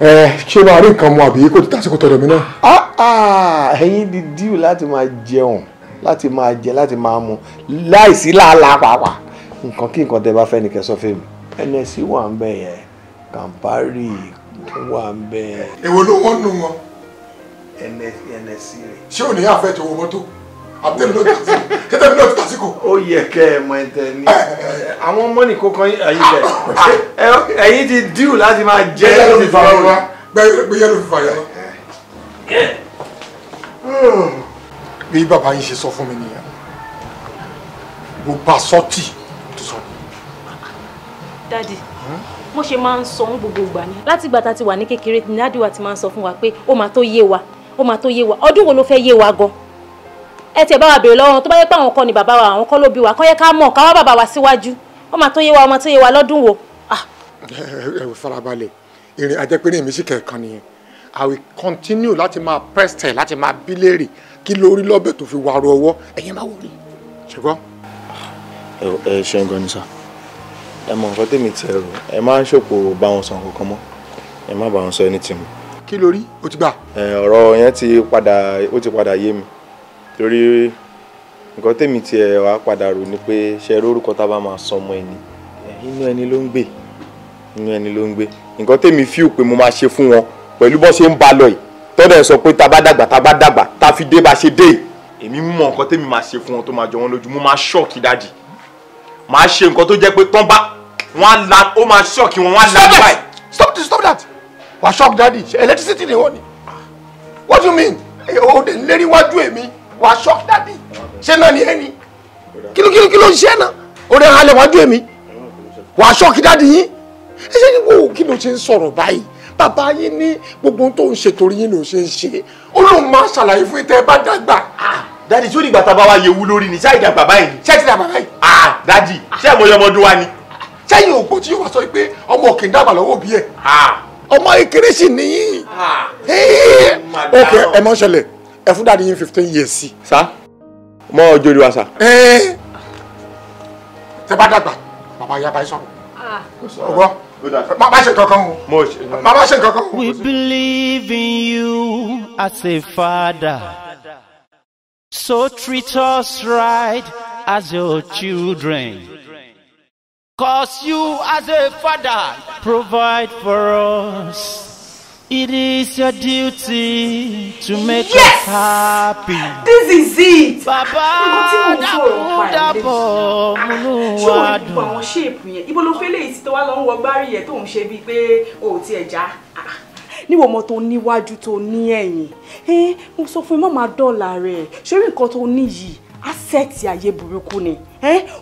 ẹ ṣé máa rí nǹkan mu àbí kò ti tásìkò tọ̀dọ̀ mi náà. Ah, ah, ẹ̀yin di díù láti máa jẹun láti máa jẹ láti máa mu láìsí làálàá pàápàá nǹkan kí nǹkan tẹ bá fẹ́ ni kẹ́ sọ fún mi nsc wà ń bẹ̀ yẹn Campari wà ń bẹ̀. èwo ló wọ́n nù wọn. nsc rẹ. ṣé ò ní àfẹ́ tó wọ mọ́tò àbúrò ló tà sí mi ló tà sí ó yẹ kẹ́ ẹ mọ ẹ tẹ àwọn ọmọ nìkan kan ẹyin tẹ ẹyin ti díù láti máa jẹ ẹ fi fà yọ gbẹyẹ ló fi fà yọ. Hmm. bí bàbá yín ṣe sọ fún mi nìyẹn mo bá dádì mo ṣe máa ń sọ ń gbogbo ìgbà ni láti ìgbà tá a ti wà ní kékeré ni dádì wa ti máa ń sọ fún wa pé ó máa tó yé wa ó máa tó yé wa ọdún wo ló fẹ́ yé wa gan ẹ tiẹ̀ bá wa béèrè lọ́wọ́ tó bá yẹ pé àwọn kan ni bàbá wa àwọn kan ló bí wa kán yẹ ká mọ̀ ká wá bàbá wa síwájú ó máa tó yé wa ó máa tó yé wa lọ́dún wo. Ah. ẹ ẹ farabalẹ̀ ìrìn àjẹpẹ́rẹ́ mi sì kẹ̀kan nìyẹn i will continue láti máa press tẹ̀ láti máa bí léèrè kí lórí lọ́bẹ̀ tó fi wàrọ̀ ọwọ́ ẹ̀yin máa wò rí ṣùgbọ́n. ẹ ṣe ń gan ni sáà ẹ mọ nǹkan tèmi ti ẹrù ẹ má ṣòpò bá wọn sọ nǹkan kan mọ́ ẹ má bá wọn sọ ẹni tì mọ́. kí lórí o ti gbà. ọ̀rọ̀ yẹn ti padà ó ti padà yé mi torí nǹkan tèmi ti ẹ̀ wá padà rò ni pé ṣe lórúkọ tá a bá máa sọmọ ẹni inú ẹni ló ń gbé inú ẹni ló ń gbé nǹkan tèmi fíù pé mo máa ṣe fún wọn pẹ̀lú bó ṣe ń ba lọ yìí tọ́dọ̀ ẹ̀ sọ pé tá a bá dàgbà tá bá dàgbà tá fi dé bá ṣe dé yìí èmi mọ nǹkan tèmi máa ṣe fún wọn tó máa jọ wọn lójú mo máa ṣọ́ọ̀kì dájì màá ṣe nǹkan tó jẹ́ pé tán bá wọn á la ó máa ṣọ́ọ̀kì wọn wọn á la báyìí. stop this stop that wàá shock daddy electricity ni wọ́n what do you mean òde lérí wájú èmi wàá shock daddy ṣé náà ni ẹni kílókíló kíló ń ṣe náà òde halẹ̀ wájú èmi wàá shock daddy yín ẹ ṣe ni wo kí ló ṣe ń sọ̀rọ̀ báyìí bàbá yín ní gbogbo tó ń ṣe torí yín ló ṣe ń ṣe ó ṣàlàyé fún ìtẹ́ bá dàgbà. Ah! dadi tí ó dìgbà tábà wa yewu lórí ni ṣáà ìdá bàbá yìí ni. ṣáà ti dà bàbá yìí. ah dadi ṣé àmọ́ ọmọ ọdún wa ni. sẹ́yìn ògbó tí yóò wá sọ pé ọmọ kì í dàgbà lọ́wọ́ òbí ẹ̀. ọmọ ìkéré sì nìyí. ok ẹ mọ ṣẹlẹ̀ ẹ fún dadi yín fifteen years sí. sa mọ ọjọ́ orí wa sa. tẹ bá dàgbà bàbá yaba yín sọ̀rọ̀ ọgbọ bàbá ṣe kankan o bàbá ṣe kankan o. we believe in you as a father. So treat us right as your children. Cause you as a father provide for us. It is your duty to make yes! us happy. This is it. Bàbá dàbò dàbò múnú wa dùn. Ṣé o ní gbogbo àwọn ṣéèpù yẹn? Ibo ló fẹ́ lè ti tó wá lọ ń wọ gbárí yẹn níwọ̀n ọmọ tó níwájú tó ní ẹ̀yìn mo sọ fún ẹ má máa dọ́là rẹ̀ ṣorí nǹkan tó ní yìí asẹ́ẹ̀tì ayé burúkú ni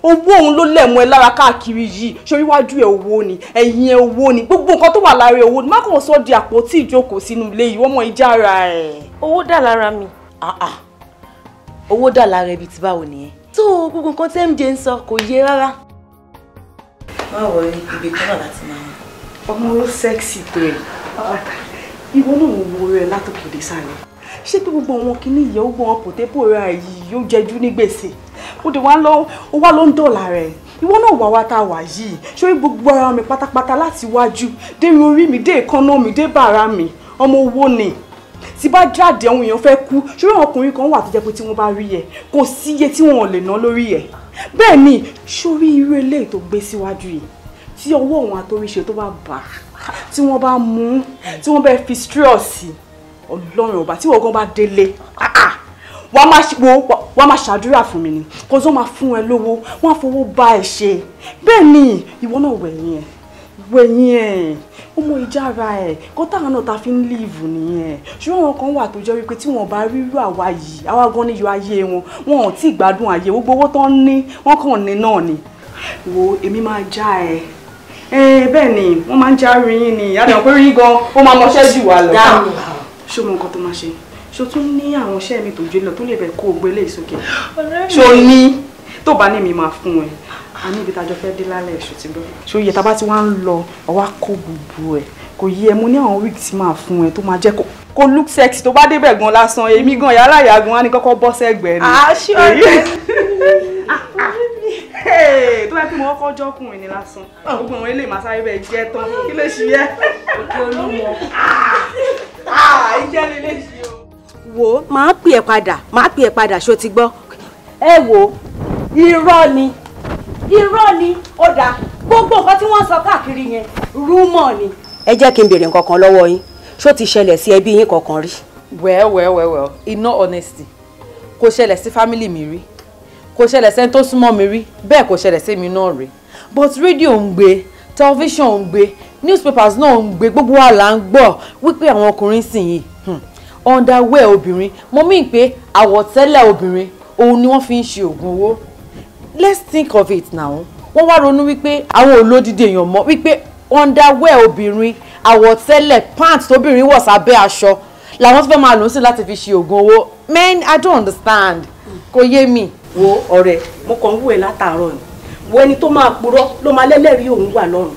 owó òun ló lẹ̀mọ́ ẹ lára káàkiri yìí ṣorí wájú ẹ owó ni ẹ̀yìn ẹ owó ni gbogbo nǹkan tó wà lára ẹ owó ni má kàn sọ di àpótí ìjókòó sínú ilé yìí wọ́n mọ ìjà ara ẹ̀. owó dà lára mi. owó dà lára ibi tí báwo nìyẹn tó gbogbo nǹkan tẹ́ ń jẹ ń sọ kò yé rárá. má wọrí ibi kan láti máa ń. ọmọ ó sẹ́ẹ̀sì tó yẹ ìwọ náà wo rẹ látòkèdè sáré ṣé pé gbogbo àwọn kìíní yìí ó gbọ́n pòtébò ra yìí yóò jẹjú ní gbèsè ó dé wá lọ ó wá ló ń dọ̀là rẹ̀ ìwọ náà wà wá tá a wà yìí ṣé gbogbo ara mi pátápátá láti wájú dé irun orí mi dé ìkànnà mi dé bàrà mi ọmọ owó ni tí bá jáde àwọn èèyàn fẹ́ kú ṣé àwọn ọkùnrin kan wà tó jẹ́ pé tí wọ́n bá rí ẹ kò sí iye tí wọ́n lè ná lórí ẹ bẹ́ẹ̀ ni sórí irú eléyìí tó gbé síwájú yìí tí ọwọ́ òun àtòríṣe tó bá bà á tí wọ́n bá mú tí wọ́n bá fi stress ọlọ́run ọba tí wọ́n gan bá délé ah, ah, wàá máa ṣàdúrà fún mi ni kò tó máa fún ẹ lówó wọ́n á fowó bá ẹ ṣe bẹ́ẹ̀ ni ìwọ náà wẹ̀yìn ẹ̀ wẹ̀yìn ẹ̀ ọmọ ìjára ẹ̀ kọ́tà náà ta fi ń líìvù nìyẹn ṣùgbọ́n àwọn kan wà tó jẹ́ wípé tí wọ́n bá rírú àwa yìí àwa gan níyọ ayé wọn wọn ò tí ì gbádùn ayé gbogbo owó tó ní wọ́n kàn ní náà ni wo èmi máa já ẹ Eh, bẹ́ẹ̀ ni wọ́n máa ń já rin yín ni àdàn pé rí gan ó máa mọṣẹ́ jù wá lọ. ṣé o mọ nǹkan tó máa ṣe ṣé o tún ní àwọn iṣẹ́ mi tó jẹ lọ tó lè bẹ̀ kó o gbé léyìí sókè ṣé o ní tó bá ní mi máa fún ẹ a ní ibi tájọ fẹ́ dé lálẹ́ ẹ̀ṣọ́ ti gbọ́. ṣé o yẹ tá a bá ti wá ń lọ ọwá kó gbogbo ẹ̀ kò yí ẹ mo ní àwọn wíìgì tí máa fún ẹ tó máa jẹ kó kó look sexy tó bá débẹ̀ gan lásán èmi gan yàrá ìyá gan wá ní kọ́kọ́ bọ́ sẹ́gbẹ̀ẹ́ ni. àṣìwọ̀n ah, tó bá pé mo kọ́kọ́ jọ́kùnrin ni lásán gbogbo àwọn eléyìí máa sáré bẹ́ẹ̀ jẹ́ tán kí ló ṣe yẹ. òkè olúmọ ìjẹ́ ah, ah, ni lè ṣe o. wo máa pè ẹ́ padà máa pè é padà ṣó ti gbọ́ ẹ wo irọ́ ni irọ́ ni ó dáa gbogbo nǹkan tí wọ́n sọ káàkiri yẹn rúmọ̀ ni. ẹ jẹ́ kí n béèrè nǹkan kan lọ́wọ́ yín ṣó ti ṣẹlẹ̀ sí ẹbí yín kankan rí. well well well well in no honesty kò ṣẹlẹ̀ sí family mi rí kò ṣẹlẹ̀ sẹ́ni tó súnmọ́ mi rí bẹ́ẹ̀ kò ṣẹlẹ̀ sí náà rí but radio ń gbé tẹlifíṣàn ń gbé newspapers náà ń gbé gbogbo wa là ń gbọ́ wípé àwọn ọkùnrin sì yìí hmm. underwear obìnrin mo mí pé àwọ̀tẹ́lẹ̀ obìnrin òun ni wọ́n fi ń ṣe oògùn owó let's think of it now wọ́n wá ronú wípé àwọn olódìdí èèyàn mọ̀ wípé underwear obìnrin àwọ̀tẹ́lẹ̀ pants tóbìnrin wọ̀ sábẹ́ aṣọ làwọn tó fẹ́ máa lò ó sí láti fi ṣe oògùn owó men i don't understand kò yé mi wo ọ̀rẹ́ mo kàn ń wù ẹ́ látàárọ̀ ni wo ẹni tó máa purọ́ ló máa lẹ́lẹ́rìí òun wà lọ́rùn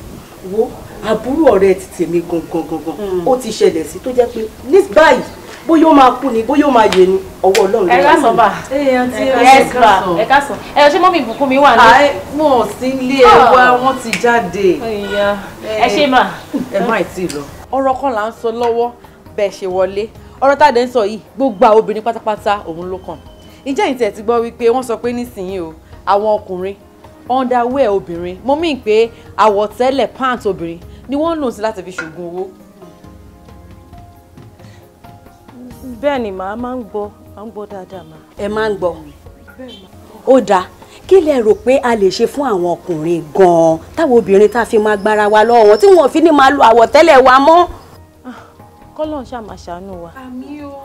wo àbúrò ọ̀rẹ́ ti tèmi gangan gangan hmm. ó ti ṣẹlẹ̀ sí tó jẹ́ pé ní báyìí bóyá ó máa kú ni bóyá ó máa yè ni ọwọ́ ọlọ́run ló wà ní. ẹ ká sọ ẹ ṣe mọ́mí ìbùkún mi wà ní. mo ò sí ilé ẹ ah. wá wọn ti jáde. Eh, ẹ ṣe mà. ẹ má tí ì lọ. ọ̀rọ̀ kan là ń sọ lọ́wọ́ bẹ́ẹ̀ ṣe wọlé ọ̀rọ̀ tá a dẹ̀ ń sọ yìí gbogbo àwọn obìnrin pátápátá òun ló kàn ǹjẹ́ ìtẹ̀ ti gbọ́ wípé wọ́n sọ pé nísìnyí o àwọn ọkùnrin underwear obìnrin mo mí pé àwọ̀tẹ́lẹ̀ pant obìnrin ni wọ́n ń lò sí láti fi ṣògùn owó. bẹ́ẹ̀ ni màá máa ń gbọ́ máa ń gbọ́ dáadáa mà. ẹ máa ń gbọ́ ó dáa kí lẹ rò pé a lè ṣe fún àwọn ọkùnrin gan-an táwọn obìnrin tá a fi máa gbára wa lọ́wọ́ wọn tí wọn ò fi ní máa lo àwọ̀tẹ́lẹ̀ wa mọ́ kọ́lọ́n ṣáà máa ṣàánú wa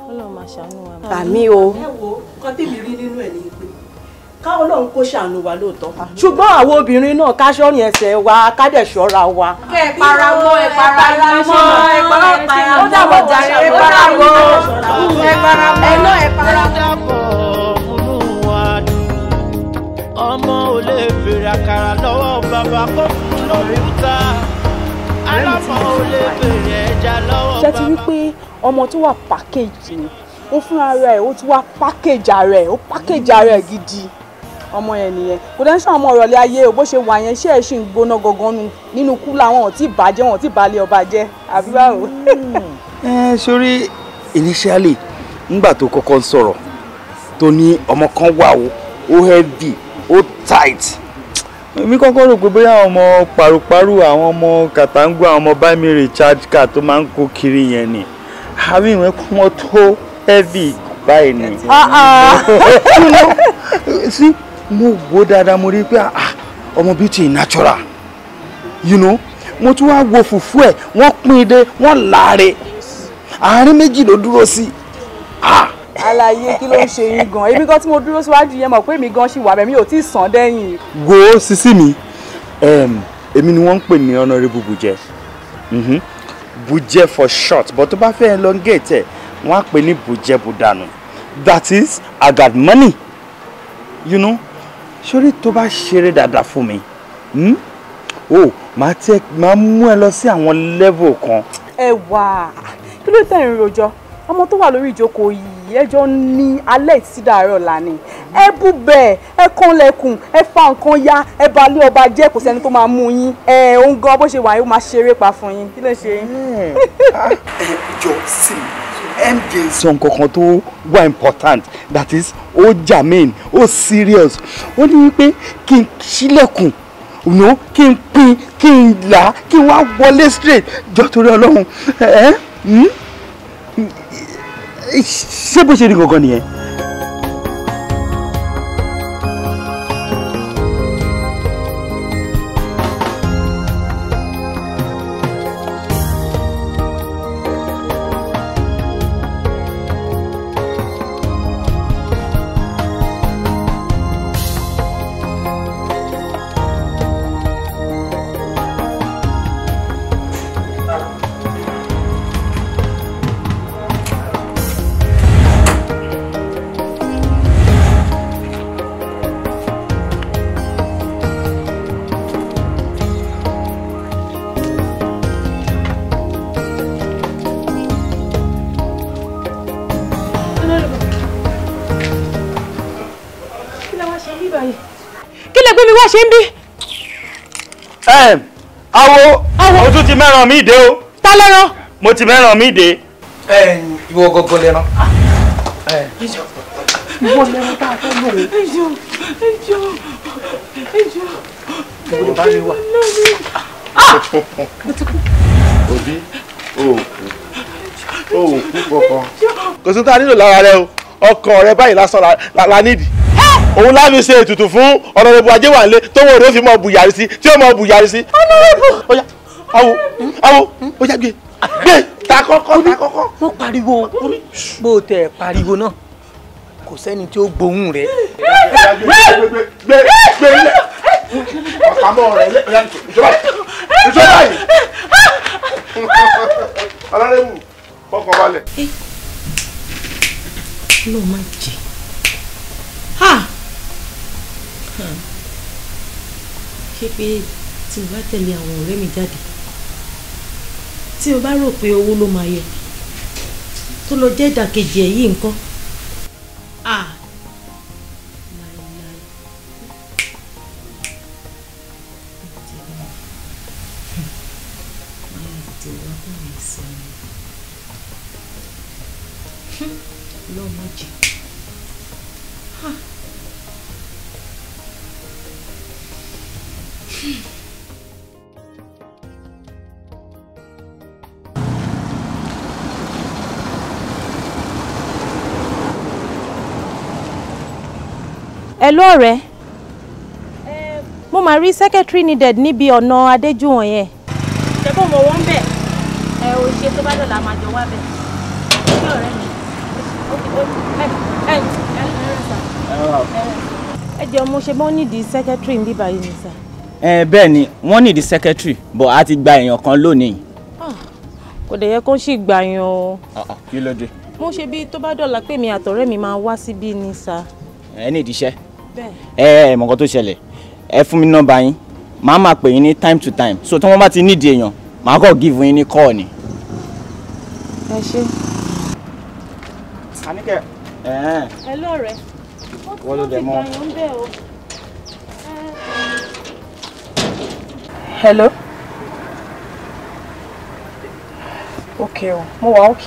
kọ́lọ́n máa ṣàánú wa. àmì o. ẹ wo nǹkan tèmi rí nínú ẹ ni pé káwọn lòun kó ṣàánú wa lóòótọ́. ṣùgbọ́n àwọn obìnrin náà ká ṣọ́rin ẹsẹ̀ wa ká dẹ̀ ṣọ́ra wa. ẹ para mọ́ ẹ para mọ́ ẹ para mọ́ ó dàbọ̀ jàre ẹ para mọ́ ẹ para mọ́ ẹ náà ẹ para mọ́. ọmọ ò lè bèrè àkàrà lọ́wọ́ bàbá kó lọ́rí ta aláfọ̀ ò lè bèrè ẹja lọ́wọ́ ti rí pé ọmọ tó wà package ni ó fúnra rẹ̀ ó ti wá package ara ẹ̀ ó package ara ẹ̀ gidi ọmọ yẹn nìyẹn kò dẹ́n sàn ọmọ ìrọ̀lẹ́ ayé o bó ṣe wà yẹn ṣé ẹ̀ ṣì ń gbóná gangan nínú kúlà wọn ò tí ì bàjẹ́ wọn ò tí ì balẹ̀ ọba jẹ́ àbí báwo. ẹ sori initially ngbà tó kọ́kọ́ sọ̀rọ̀ tó ní ọmọ kan wà o ó heavy ó tight mi kọ́kọ́ rò pé bóyá ọmọ paru-paru àwọn ọmọ kàtàǹgù àwọn ọmọ bámi recharge card tó máa ń kó kiri yẹn ni àbí ìwé kọ́mọ tó heavy báyìí ni. Ah, ah. sí mo wo dáadáa mo rí i pé ah, ọmọ beauty natural you know mo tún wá wo fùfú ẹ̀ wọ́n pín in dé wọ́n láre àárín méjì ló dúró sí ah àlàyé kí ló ń ṣe yín gan èmi gan tí mo dúró síwájú yẹn mọ̀ pé èmi gan ṣì wà bẹ́ẹ̀ ò tí ì sàn dẹ́yìn. go sisi mi èmi ni wọ́n ń pè ní honourable bujẹ mhm. bujẹ for short but tó bá fẹ́ elongate ẹ̀ wọ́n á pè ní bujẹ budanu that is I got money you know sórí tó bá ṣeré dáadáa fún mi hmm? oh màá tẹ màá mú ẹ lọ sí àwọn level kan. ẹ wà kí ló tẹ̀ ń rojọ́ ọmọ tó wà lórí ìjókòó yìí yìí ẹjọ́ ní alẹ́ ìsídàárọ̀ lánìí ẹ bú bẹ́ẹ̀ ẹ kànlẹ̀kùn ẹ fa nǹkan ya ẹ ba lé ọba jẹ́ kò sẹ́ni tó máa mú yín ẹ òun gan bó ṣe wà yóò máa ṣeré pa fún yín kí ló ṣe ẹ jọ sí mj sọ nǹkan tó wà important that is ó germane ó serious ó ní wípé kí n ṣílẹ̀kùn no kí n pin kí n là kí n wá wọlé straight jọ torí ọlọ́run ẹ ẹ. Hmm? 是不是你哥哥你？ni wọ́n ṣe ń bí. awo awo ojú ti mẹ́ràn mi dé o. ta lẹ́ràn. mo ti mẹ́ràn mi dé. ìwọ gọgọ lẹ́ràn. Ah. ìwọ lẹ́ràn tá a fẹ́ lò ó. ẹjọ ẹjọ ẹjọ. ìwọ bá mi wà. Ah! òbí òòkú òòkú kankan kò sí tá a nílò lára rẹ o ọkàn rẹ báyìí lásán la nídìí òun láfi ṣe ètùtù fún ọ̀nàrẹ́bù ajéwàlé tó wọ́n rẹ̀ ó fi mọ bùyàrí sí tí ó mọ bùyàrí sí. ọ̀nàrẹ́bù. ọ̀yà awo awo ọ̀yà gbé gbé ta kọ́kọ́ ta kọ́kọ́. mo pariwo bó o tẹ pariwo náà kò sẹ́ni tí ó gbóhùn rẹ̀. gbé gbé lẹ ọ̀pamọ́ rẹ̀ lẹ ìjọba ìjọba yìí ọ̀nàrẹ́bù fọkàn balẹ̀. ló máa jẹ ṣé pé tí mo bá tẹ̀lé àwọn ọ̀rẹ́ mi jáde tí o bá rò pé owó ló máa yẹ tó lọ jẹ́ ìdàkejì ẹ̀ yìí nǹkan ẹ lọ́ọ̀rẹ́ mo máa rí secretary needed níbi ọ̀nà adéjúwọ̀n yẹn. ṣé kò mọ̀ wọ́n bẹ̀ ẹ ò ṣe tó bá dọ̀là máa jọ wá bẹ̀ ṣé ọ̀rẹ́ mi ẹ ẹ jẹ́ mo ṣe mọ́ nídìí secretary ń bíbá yìí ni sà. ẹ bẹ́ẹ̀ ni wọ́n nídìí secretary bọ̀ á ti gba èèyàn kan lónìí. Ah, kò dẹ̀ yẹ kó sì gbà yan o. Ah, ah, kí ló dé. mo ṣe bí tó bá dọ̀là pé mi àtọ̀rẹ́ mi máa wá síbí ni sà. ẹ nídìí iṣẹ́ ẹ ẹ mọ̀ nǹkan tó ṣẹlẹ̀ ẹ fún mi nọ́mbà yín màá máa pè yín ní time to time so tí wọ́n bá ti nídìí èèyàn màá kọ́ give yín ní call ni. ẹ ṣe. àníkẹ́ ẹ ẹ. ẹ lọ́ọ̀rẹ́ wọ́n ló dẹ̀ mọ́. hello. ok o mo wà ok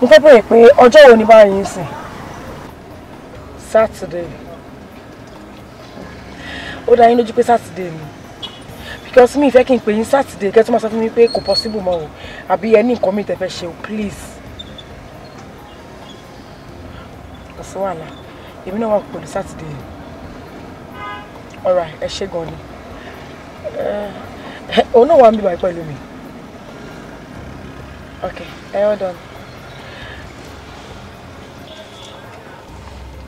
mo fẹ́ bẹ̀rẹ̀ pé ọjọ́ wo ni báyìí sìn. saturday ó dá yín lójú pé sátidé ni because me, ìfẹ́ kí n pè yín sátidé kẹ́ tó máa sọ fún mi pé kò possible mọ́ o àbí ẹ ní nǹkan mi tẹ́ fẹ́ ṣe o please. kò sí wàhálà èmi náà wà pẹ̀lú sátidé yìí alright ẹ ṣe gan ni eh, eh, òun náà wà ń bí báyìí pẹ̀lú mi ok ẹ hold on.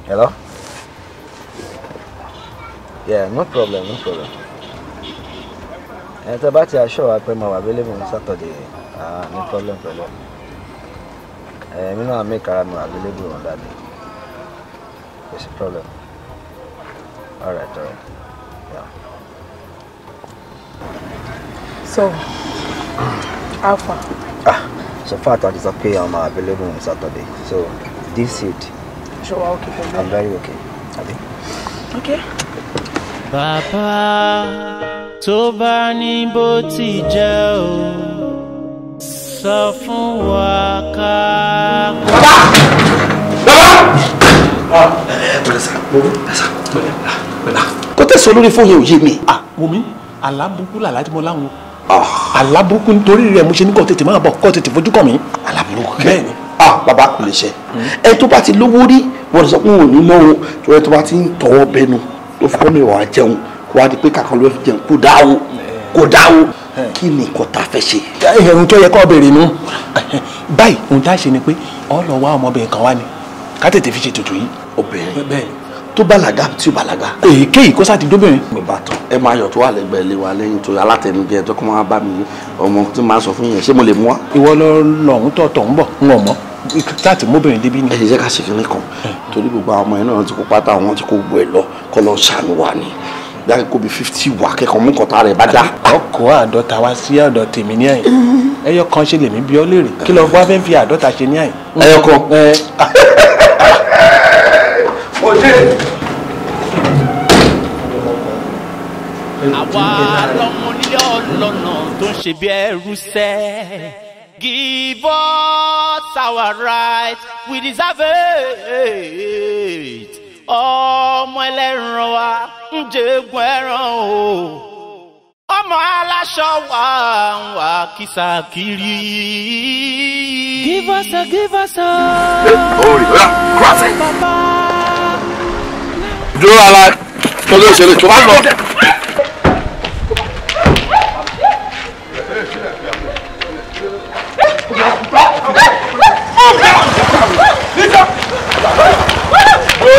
hello yeah no problem no problem And about your show, aṣọ wa pé available on Saturday ah no problem pẹ̀lú ẹ know náà make ara mi available on that day kò sí problem alright alright yeah. so how far. ah so far that is okay I'm available on Saturday so this seat. sure I'll keep it. I'm very okay. Abi. okay bàbá tó bá ní bó ti jẹ́ o sọ fún wa ká. Ah. kó tẹ̀sán lórí fóònù yẹn ò yé mi. Ah, wò mí alábùkún làlájúmọ́ láwọn alábùkún ah. nítorí rẹ̀ mo ṣe ní kó tètè máa bọ̀ kó tètè fojú kàn mí. alábùkún bẹ́ẹ̀ ni ah bàbá kò lè ṣe ẹ tó bá ti lówó rí wọ́n sọ pé òun ò ní mọ́ o tó bá ti ń tọwọ́ bẹnu ló fi kọ́mí wàá jẹun kó wá di pé kàkan ló fi jẹun kó dáwó kó dáwó eh. kí ni nǹkan tá a fẹ́ ṣe. ẹ̀hún tó yẹ kó béèrè nu báyìí ohun tá a ṣe ni pé ọ lọ wá ọmọbìnrin kan wá ni ká tètè fi ṣe tutù yìí. obìnrin bẹ́ẹ̀ tó bàlágà tí ò bàlágà. èyíkéyìí kó sáà ti dóbìnrin. mi bá tán ẹ máa yọ̀ tó wà lẹ́gbẹ̀ẹ́ ilé wa lẹ́yìn tó alátẹnujẹ tó kọ́ máa bá mi ọmọ tí máa sọ fún yẹn ṣé mo lè mú wa. ìwọ lọ lọ̀hún tọ̀ tọ̀ ń bọ̀ ń wọ̀ mọ́ láti móbìnrin débi ni. ẹ jẹ́ ká ṣe kínní kan torí gbogbo àwọn ọmọ yẹn náà ti kó pátá àwọn ti kó gbogbo ẹ̀ lọ kọ́ lọ́ọ́ ṣàánú wa ni dáa kó bi fifty wà kẹ́kọ̀ọ́ mú kọ́ta rẹ̀ bá dá. ọkọ àádọ́ta wá sí ọ̀dọ̀ tèmi ní àyìn ẹyọ kan ṣe lèmi bí ọ léèrè kí lọ wá fẹ́ fi àádọ́ta ṣe ní àyìn. ẹyọ kan. mo àwa lọmọ nílé ọlọ́nà tó ń ṣe bí ẹrú sẹ́ẹ̀. Give us our rights we deserve it. Ọmọ ẹlẹ́ran wa ń jẹ́gun ẹran o. Ọmọ aláṣọ wa ń wá kìsà kiri. Give us a, give us a. Orí ọ̀la kúrọ̀sì. Dúró ala, tọ́jú ìṣẹ̀lẹ̀ tó bá lọ.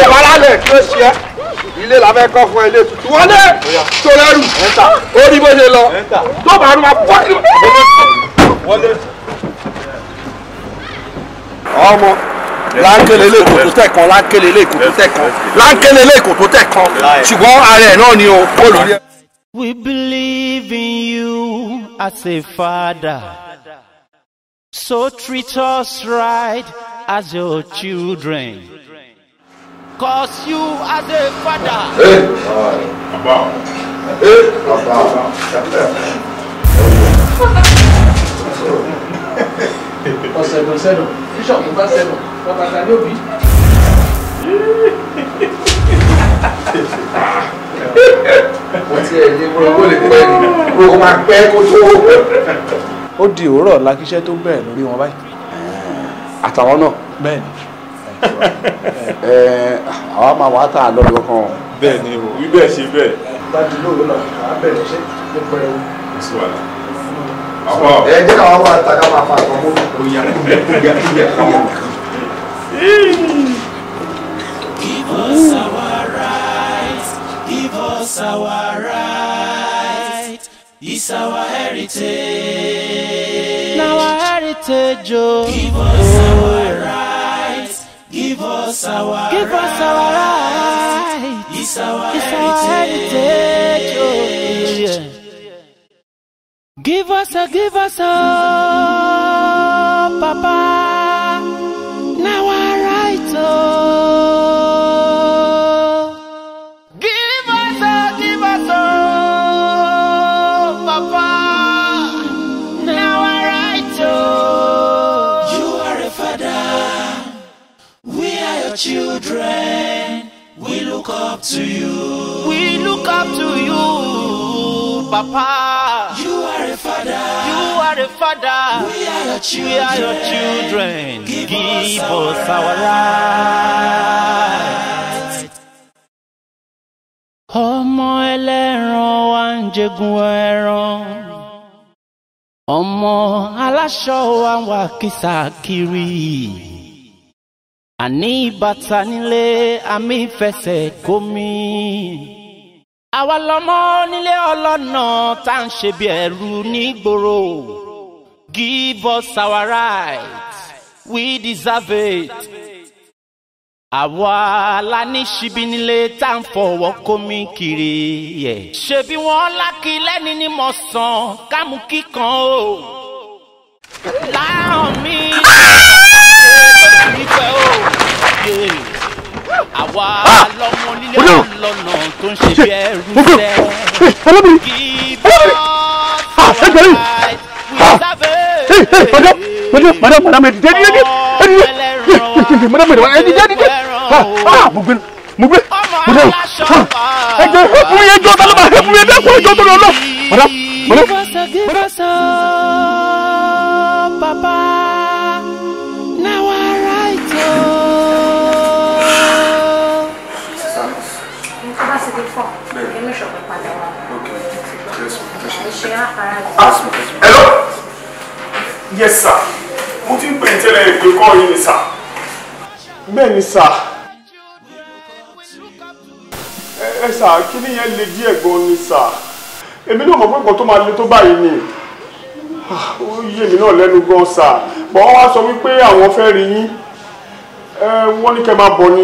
ìwà lálẹ́ kí ó ṣe ẹ́ ilé la fẹ́ kọ́ fún ẹ ilé tuntun wọlé tó lẹ́rù ó ní bó ma bọ́ sí wọlé. We believe in you as a father. So treat us right as your children. Cause you as a father. Hey, eh. Baba. Hey, eh, Baba. ọ̀sẹ̀ ló sẹ́nu bíṣọ̀pù bá sẹ́nu bàbá ni òbí. wọ́n ti ẹ̀ ní wọ́n lè pẹ́ ní wọ́n máa pẹ́ kó tó ó di òwúrọ̀ ọ̀la kíṣẹ́ tó bẹ̀rẹ̀ lórí wọn báyìí. àtàwọn náà. bẹ́ẹ̀ ni. ẹ àwa máa wá tà lọ́dún kan. bẹ́ẹ̀ ni o wí bẹ́ẹ̀ ṣe bẹ́ẹ̀. bá a di lóòrò náà àá bẹ̀rẹ̀ ṣe ní pẹrẹwu. kò sí wàhálà ẹ jẹ́ ká wá wá ta ká máa fa àtọ̀ mọ́ kò yà kúgbà kúgbà káwọn. Give us our rights, give us our rights. It's our heritage. Now our heritage, oh. Give us our rights. Give us our Give rights. us our rights. It's our it's heritage. Our heritage oh. yeah. Give us a, give us a, Papa. children, we look up to you. We look up to you, Papa. You are a father. You are a father. We are your children. We are your children. Give, Give us, us our light. Ọmọ ẹlẹ́ran wa ń jẹgun ẹran. Ọmọ aláṣọ wa ń wà kìsà kiri àní bàtà nílé àmì fẹsẹ̀ gómi. àwa lọmọ nílé ọlọ́nà tá à ń ṣe bí ẹ̀rù nígboro. give us our right we deserve it. àwa la ní ṣíbí nílé tá à ń fọwọ́ kómi kiri yẹ. ṣebí wọn lákì lẹ́ni ní mọ̀sán kámú kíkan o. láhàn àwa lọmọ nílé ọlọ́nà tó ń ṣe bí ẹrú sẹ́ kí bọ́ sọ̀rọ̀ láì padà padà padà padà mẹ dídé dídé dídé padà padà padà dídé dídé mo gbé mo gbé mo dé ẹ jẹ ẹ fún yẹn jọ tálọ́bà ẹ fún yẹn bẹ́ẹ̀ kó jọ tó lọ lọ padà padà padà. hello yes sir mo ti ń pè ní tẹ́lẹ̀ ìpè kọ́ yìí ni sir. bẹ́ẹ̀ ni sir ẹ sà kí ni yẹn le díẹ̀ gan ni sà èmi náà mọ̀ pé nǹkan tó máa le tó báyìí ni ah, ó yé mi náà lẹ́nu gan sà bọ́ wọ́n wá sọ wípé àwọn fẹ́ rí yín wọ́n ní kẹ́ máa bọ̀ ni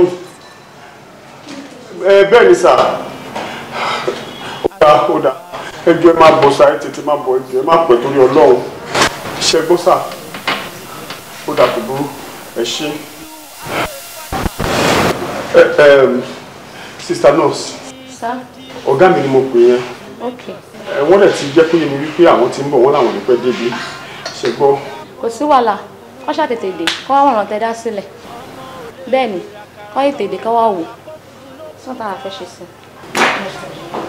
bẹ́ẹ̀ ni sà ah, ó dáa ó dáa ẹjọ́ ẹ máa bọ̀ sá ẹ tètè máa bọ̀ ẹjọ́ ẹ máa pẹ̀ torí ọlọ́run ṣe gbọ́ sá ó dàbí burú ẹ ṣe. sista nurse ọ̀gá mi ni mo pè yẹn wọ́n dẹ̀ ti jẹ́ kóyè mi wípé àwọn ti ń bọ̀ wọ́n làwọn ò ní pẹ́ débi ṣe gbọ́. kò sí wàhálà kọ́ ṣàtètè dé kọ́ àwọn ọ̀ràn tẹ dá sílẹ̀ bẹ́ẹ̀ ni kọ́ ètè dé kọ́ wá wò sọ́tà àfẹ́ṣe sí i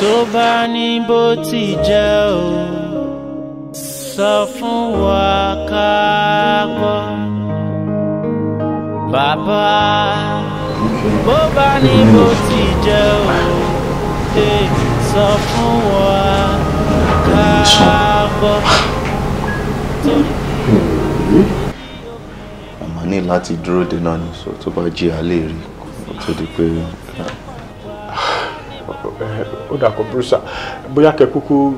tó bá ní bó ti jẹ́ o sọ fún wa ká gbọ́ bàbá bó bá ní bó ti jẹ́ o sọ fún wa ká gbọ́ a ní láti dúró de náà ni so tó bá jí a lè rí kó tó di pé. ó dà kó brúsà bóyá kẹ kúkú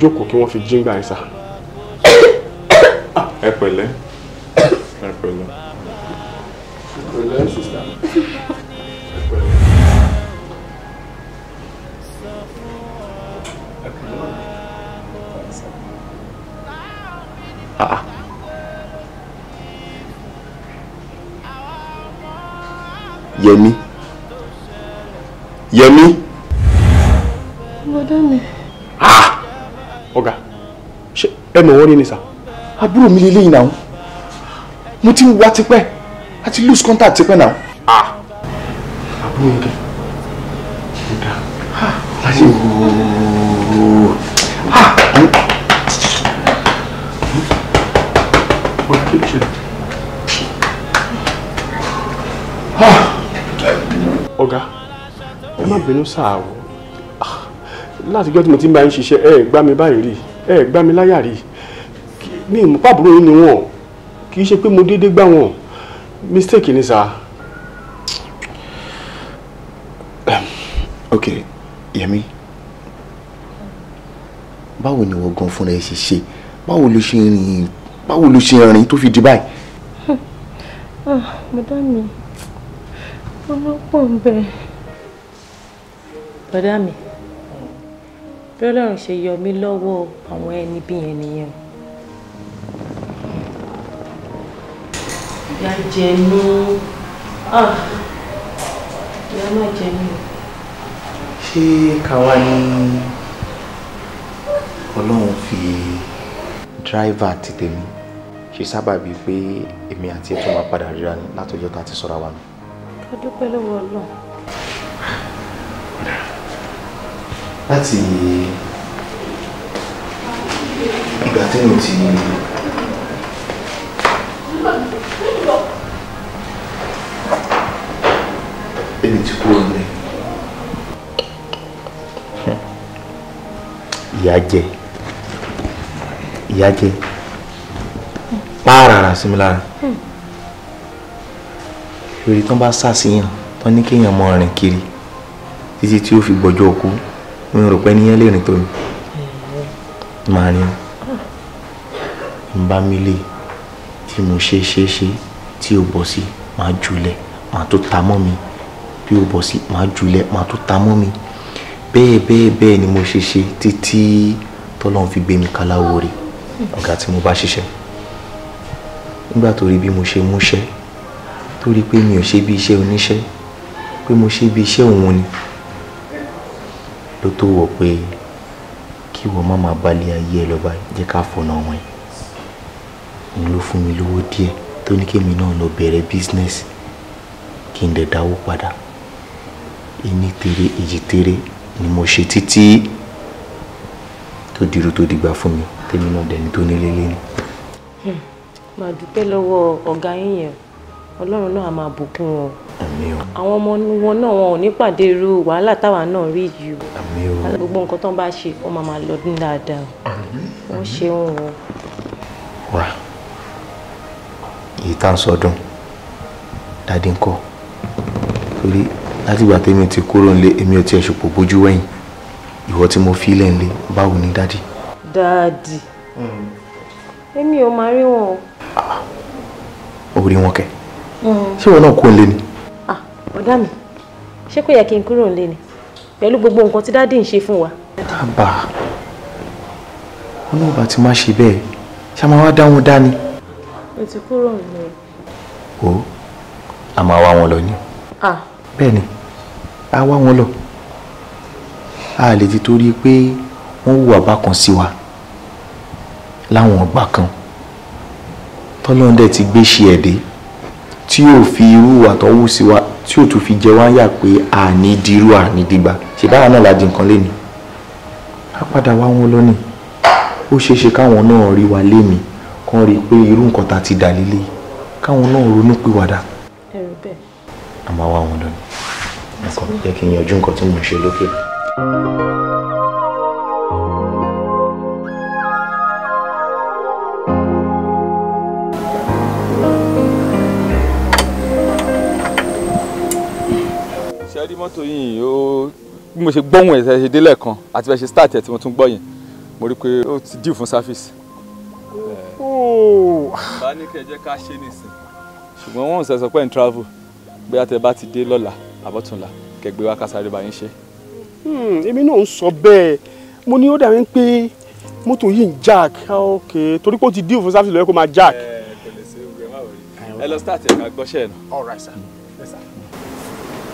jókòó kí wọ́n fi jíǹgbà yín sá. ẹ pẹ̀lẹ́ ẹ pẹ̀lẹ́. ẹ pẹ̀lẹ́ sísá. Yẹmi Yẹmi. bọ́dá mi. ọ̀gá ṣé ẹ mọ̀ wọ́n rí ni sà. àbúrò mi lélẹ́yìn náà mo ti ń wá tipẹ́ a ti lose contact tipẹ́ náà. àbúrò yìí kẹ́ ọ̀gá láti wò ó. bínú sáà o ah, láti jọ́ tí mo ti ń bá yín ṣiṣẹ́ ẹ gbá mi báyìí rí ẹ gbá mi láyà rí mi ì mú pàbúrò yín ni wọn kì í ṣe pé mo déédéé gbá wọn mistake ni sá. ok Yẹmi báwo ni wọ́n gan fúnra ẹ ṣe ṣe báwo ló ṣe rìn báwo ló ṣe rìn tó fi di báyìí. ah madam mi ọlọ́pàá ń bẹ̀rẹ̀ bọ́dá mi bí ọlọ́run ṣe yọ mí lọ́wọ́ àwọn ẹni bí yẹn nìyẹn. ìyá jẹ mí ah, ìyá má jẹ mí. ṣé káwa ní ọlọ́run fi dráìvà ti tèmi ṣe sábàbí pé èmi àti ètò máa padà ríra ni látọjọ́ tá a ti sọra wa nù. ká dúpẹ́ lọ́wọ́ ọlọ́run. Ah, láti ìgbà tẹ́yìn ti ẹni tí kúrò ní. ìyá jẹ ìyá jẹ pààràrà sí mi lára ìròyìn tán bá sá sí yàn tán ní kéèyàn mọ rìn kiri títí tí ó fi gbọ́jọ́ kú mi ò rò pé níyẹn lè rìn tó mi máa rìn ah. n bá mi lè tí mo ṣe ṣe ṣe tí o bọ̀ sí máa jùlẹ̀ máa tó ta mọ́ mi bí o bọ̀ sí máa jùlẹ̀ máa tó ta mọ́ mi bẹ́ẹ̀ bẹ́ẹ̀ bẹ́ẹ̀ ni mo ṣe ṣe títí tọ́lọ́run fi gbé mi kaláwo rè ọ̀gá tí mo bá ṣiṣẹ́ nígbà tó rí bí mo ṣe múṣẹ́ tó rí pé mi ò ṣe bí iṣẹ́ oníṣẹ́ pé mo ṣe bí iṣẹ́ òun ni ló tó wọ̀ pé kí wọ́n má máa balẹ̀ ayé ẹ lọ́ba jẹ́ ká fọ̀nà wọn n ló fún mi lówó díẹ̀ tó ní kémi náà lọ bẹ̀rẹ̀ bísínẹ́sì kí n dẹ̀ dáwó padà ìní tèrè èjì tèrè ni mo ṣe títí tó dirú tó dìgbà fún mi tèmi náà dẹni tó nílé lé ni. Hmm, màá lọ́wọ́ ọ̀gá yín yẹn o ọlọ́run náà á máa bùkún wọn. àmín o. àwọn ọmọ wọn náà wọn ò ní pàdé irú wàhálà táwa náà rí yìí o. àmín o. gbogbo nǹkan tó ń bá ṣe ó máa lọ ní dáadáa o. àmín. wọ́n ṣe ń wọ. wà èyí tá à ń sọdún dáadé ń kọ́ torí látìgbà tèmi ti kúrò nílé èmi ò tiẹ̀ ṣòpò bójú wẹ̀yìn ìwọ tí mo fi ilẹ̀ ńlẹ̀ báwo ni dáadé. dáadì hmm. èmi ò máa rí wọn. ó ah, rí wọn kẹ́. Mm. ṣé ìwọ náà kó lé ni. Ah, ọ̀dà mi ṣé kò yẹ kí n kúrò nílé ni pẹ̀lú gbogbo nǹkan tí dáàdì ń ṣe fún wa. àbà wọn náà bá ti má ṣe bẹ́ẹ̀ ṣá máa wá dá wọn mo ti kúrò nílé. o a máa wá wọn lọ ni. Ah. bẹ́ẹ̀ ni a wá wọn lọ a lè ti torí pé wọ́n hùwà bákan sí wa láwọn ọgbà kan tọ́lọ́ndẹ̀ ti gbé ṣe ẹ̀dẹ́. E tí ò fi irú àtọ́wò sí wa tí ò tún fi jẹ wá yà pé àní dirú àní dìgbà ṣe báwa náà la nǹkan lé ni a padà wá wọn lọ́nì ó ṣeé ṣe káwọn náà rí wa lémi kán rí i pé irú nǹkan ta ti dà lílé káwọn náà ronú pìwàdà. ẹrù bẹ́ẹ̀. a máa wá wọn lọ́nì nǹkan jẹ́ kí n yanjú nǹkan tí mò ń ṣe lókè. thank you mọ́tò yìí ó bí mo ṣe gbóhùn ẹ̀ ṣe délẹ̀ kan àti bẹ́ẹ̀ ṣe start ẹ̀ tí mo tún gbọ́ yẹn mo rí i pé ó ti dì fún sáfíìsì. bá ní kẹ́ jẹ́ ká ṣe nìsín. ṣùgbọ́n wọ́n ń sọ pé ń travel bí àtẹ bá ti dé lọ́la àbọ̀túnla kẹgbẹ́ wa kásáré bá yín ṣe. Hmm, èmi náà ń sọ bẹ́ẹ̀ mo ní ó dàbí pé mọ́tò yìí ń jack ok torí pé ó ti dì fún sáfíìsì lọ́yẹ́ kó máa jack. Eh, ẹ lọ start ẹ̀ ká gbọ́ṣẹ́ ẹ̀ náà.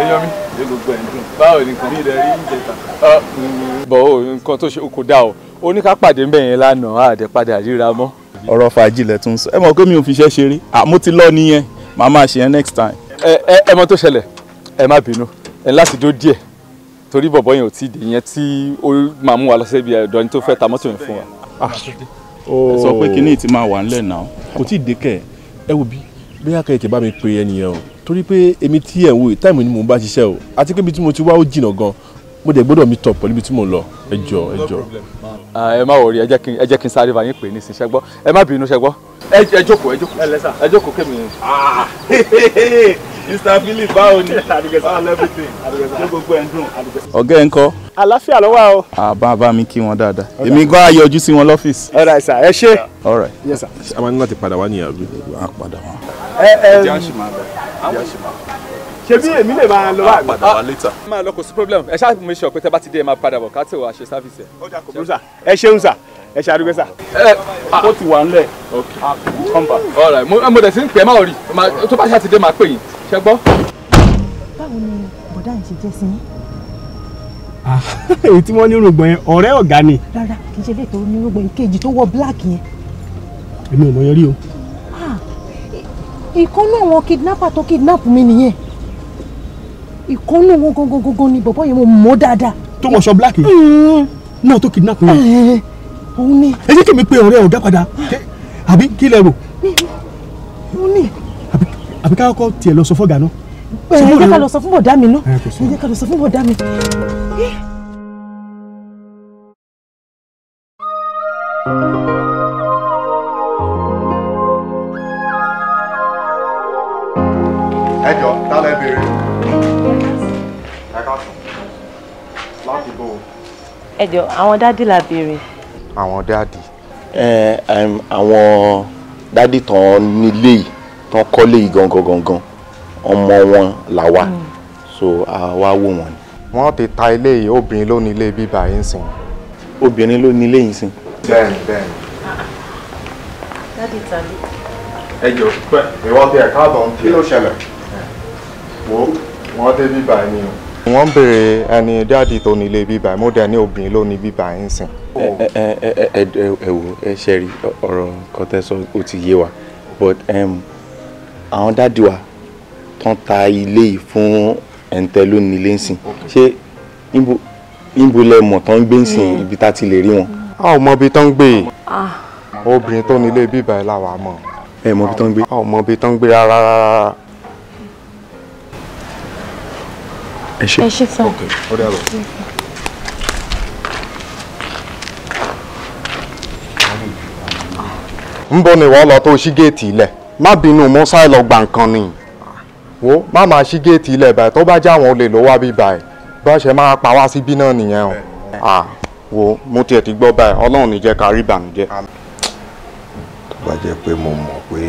eyomi gbogbo ẹ̀ ń dùn báwo ni nǹkan ilẹ̀ rí ìjẹta. Ah, mm, bọ̀ o nǹkan tó ṣe kò dáa o oníkápàdé ń bẹ̀yẹn lánàá àdẹ padà ríra mọ́. ọ̀rọ̀ fàájì lẹ tún sọ ẹ mọ̀ pé mi ò fi iṣẹ́ ṣeré àmọ́ ti lọ nìyẹn màá máa ṣe yẹn next time. ẹ ẹ ẹ mọ̀ tó ṣẹlẹ̀ ẹ má bínú ẹ láti dó díẹ̀ torí bọ̀bọ̀ yẹn ò tí ì dé yẹn tí ó máa mú wa lọ síbi ẹ̀dọ́ ni tó fẹ́ ta mọ́tò yẹn fún wa. Ah, ẹ sọ pé kinní ti máa wà ńlẹ̀ náà kò tí ì dé kẹ̀ ẹ wò bí bí akẹ́kẹ́ bá mi pe ẹnìyẹn o torí pé èmi tí ẹ̀ ń wo táìmù ni mò ń bá ṣiṣẹ́ o àti pé ibi tí mo ti wá ó jìnnà gan mo dẹ̀ gbọ́dọ̀ mi tọ̀ pẹ̀lú ibi tí mo lọ ẹ jọ ẹ jọ. Ah, ẹ má wọrí ẹ jẹ́ kí n sáré bá yín pè é nísìnyí ṣẹ́gbọ́ ẹ má bínú ṣẹ́gbọ́. ẹ jókòó ẹ jókòó ẹ jókòó kémi. Ah, Mr Philip báwo ni báwo lẹ́bìtìn ṣé gbogbo ẹ̀ ń dùn. ọ̀gá ẹ̀ ń kọ́. àlàáfíà ló wà o. àbá ah, bá mi kí wọn dáadáa èmi gan á yọjú sí wọn lọ́fíìsì. all right sir ẹ ṣé. all right. yes sir. a máa ní láti padà wá nìyàwó. a padà wá. Eh, ẹjẹ á eh, sì máa bẹ ẹjẹ á sì máa bẹ. ṣebí èmi lè problem ẹ ṣáà mi sọ pé tẹ bá ti dé ẹ máa padà bọ̀ ká tẹ wàá ṣe sáfìsì ẹ. ó dà kò burú sà ẹ ṣeun sà ẹ ṣe àdúgbò sà. ẹ eh, ah. ah. ó ti wà ńlẹ̀ kọ́mbà. ọ̀rẹ́ mo dẹ̀ sí ń pẹ́ máa rí tó bá ṣáà ti dé máa pè yín ṣẹ gbọ́. báwo ni bọ̀dá yìí ṣe jẹ́ sí yín ah, èyí tí wọ́n ní rògbọ̀n yẹn ọ̀rẹ́ ọ̀gá ni. rárá kì í ṣe lè tó ní rògbọ̀n yẹn kejì tó wọ black yẹn. èmi ò mọ̀ yẹn rí o ìkọ́nú àwọn kidnapper tó kidnap mi nìyẹn ìkọ́nú wọn gangan gangan ni bọ̀bọ́ yẹn mo mọ̀ dáadáa. tó wọṣọ black yẹn náà tó kidnap mi. òun ni. ẹ jẹ́ kí mi pe ọ̀rẹ́ ọ̀gá padà àbí kí lẹ rò. òun ni. àbí ká kọ́ tiẹ̀ lọ sọ fọ́gà náà. ẹ jẹ́ ká lọ sọ fún bọ̀dá mi náà ẹ jẹ́ ká lọ sọ fún bọ̀dá mi. thank you ẹ jọ àwọn dádì la béèrè. àwọn dádì. ẹ àwọn dádì tán nílé yìí tán kọ́lé yìí gangan gangan ọmọ wọn là wá mm. so àwa wò wọn. wọ́n ti ta ilé yìí obìnrin ló ní ilé bíbá yìí sìn. obìnrin ló ní ilé yìí sìn. bẹ́ẹ̀ni bẹ́ẹ̀ni. dádì tàbí. ẹ jọ pé ìwọ́n ti ẹ̀ka àbọ̀ kí ló ṣẹlẹ̀ wò wọ́n dé bíbá yìí o wọ́n ń béèrè ẹni dáàdì tó ní ilé bíbá mo dẹ̀ ní obìnrin ló ní bíbá yín sìn. ẹ ẹ ẹ ẹ wo ẹ ṣe rí ọ̀rọ̀ kan tẹ́ sọ ó ti yé wa but àwọn dáàdì wa tán ta ilé yìí fún ẹ̀ǹtẹ̀ ló ní ilé ń sìn ṣé níbo lẹ mọ̀ tán ń gbé ń sìn hmm. ibi tá a ti lè rí wọn. a ò mọ ibi tán ń gbé yìí ah. obìnrin tó ní ilé bíbá yìí làwa mọ̀. ẹ mọ ibi tán ń gbé. a ò mọ ibi tán ń gbé rárá rárá. ẹ ṣe ẹ ṣe sá ok ń bọ̀ ni wàhálà tó ṣí géètì ilẹ̀ má bínú mo sáré lọ gba nǹkan ni wo má máa ṣí géètì ilẹ̀ báyìí tó bá jẹ́ àwọn olè ló wá bí báyìí bá ṣe máa pa wá síbí náà nìyẹn o wo mo tiẹ̀ ti gbọ́ báyìí ọlọ́run ní jẹ́ ká ìbànújẹ́. tó bá jẹ́ pé mo mọ̀ pé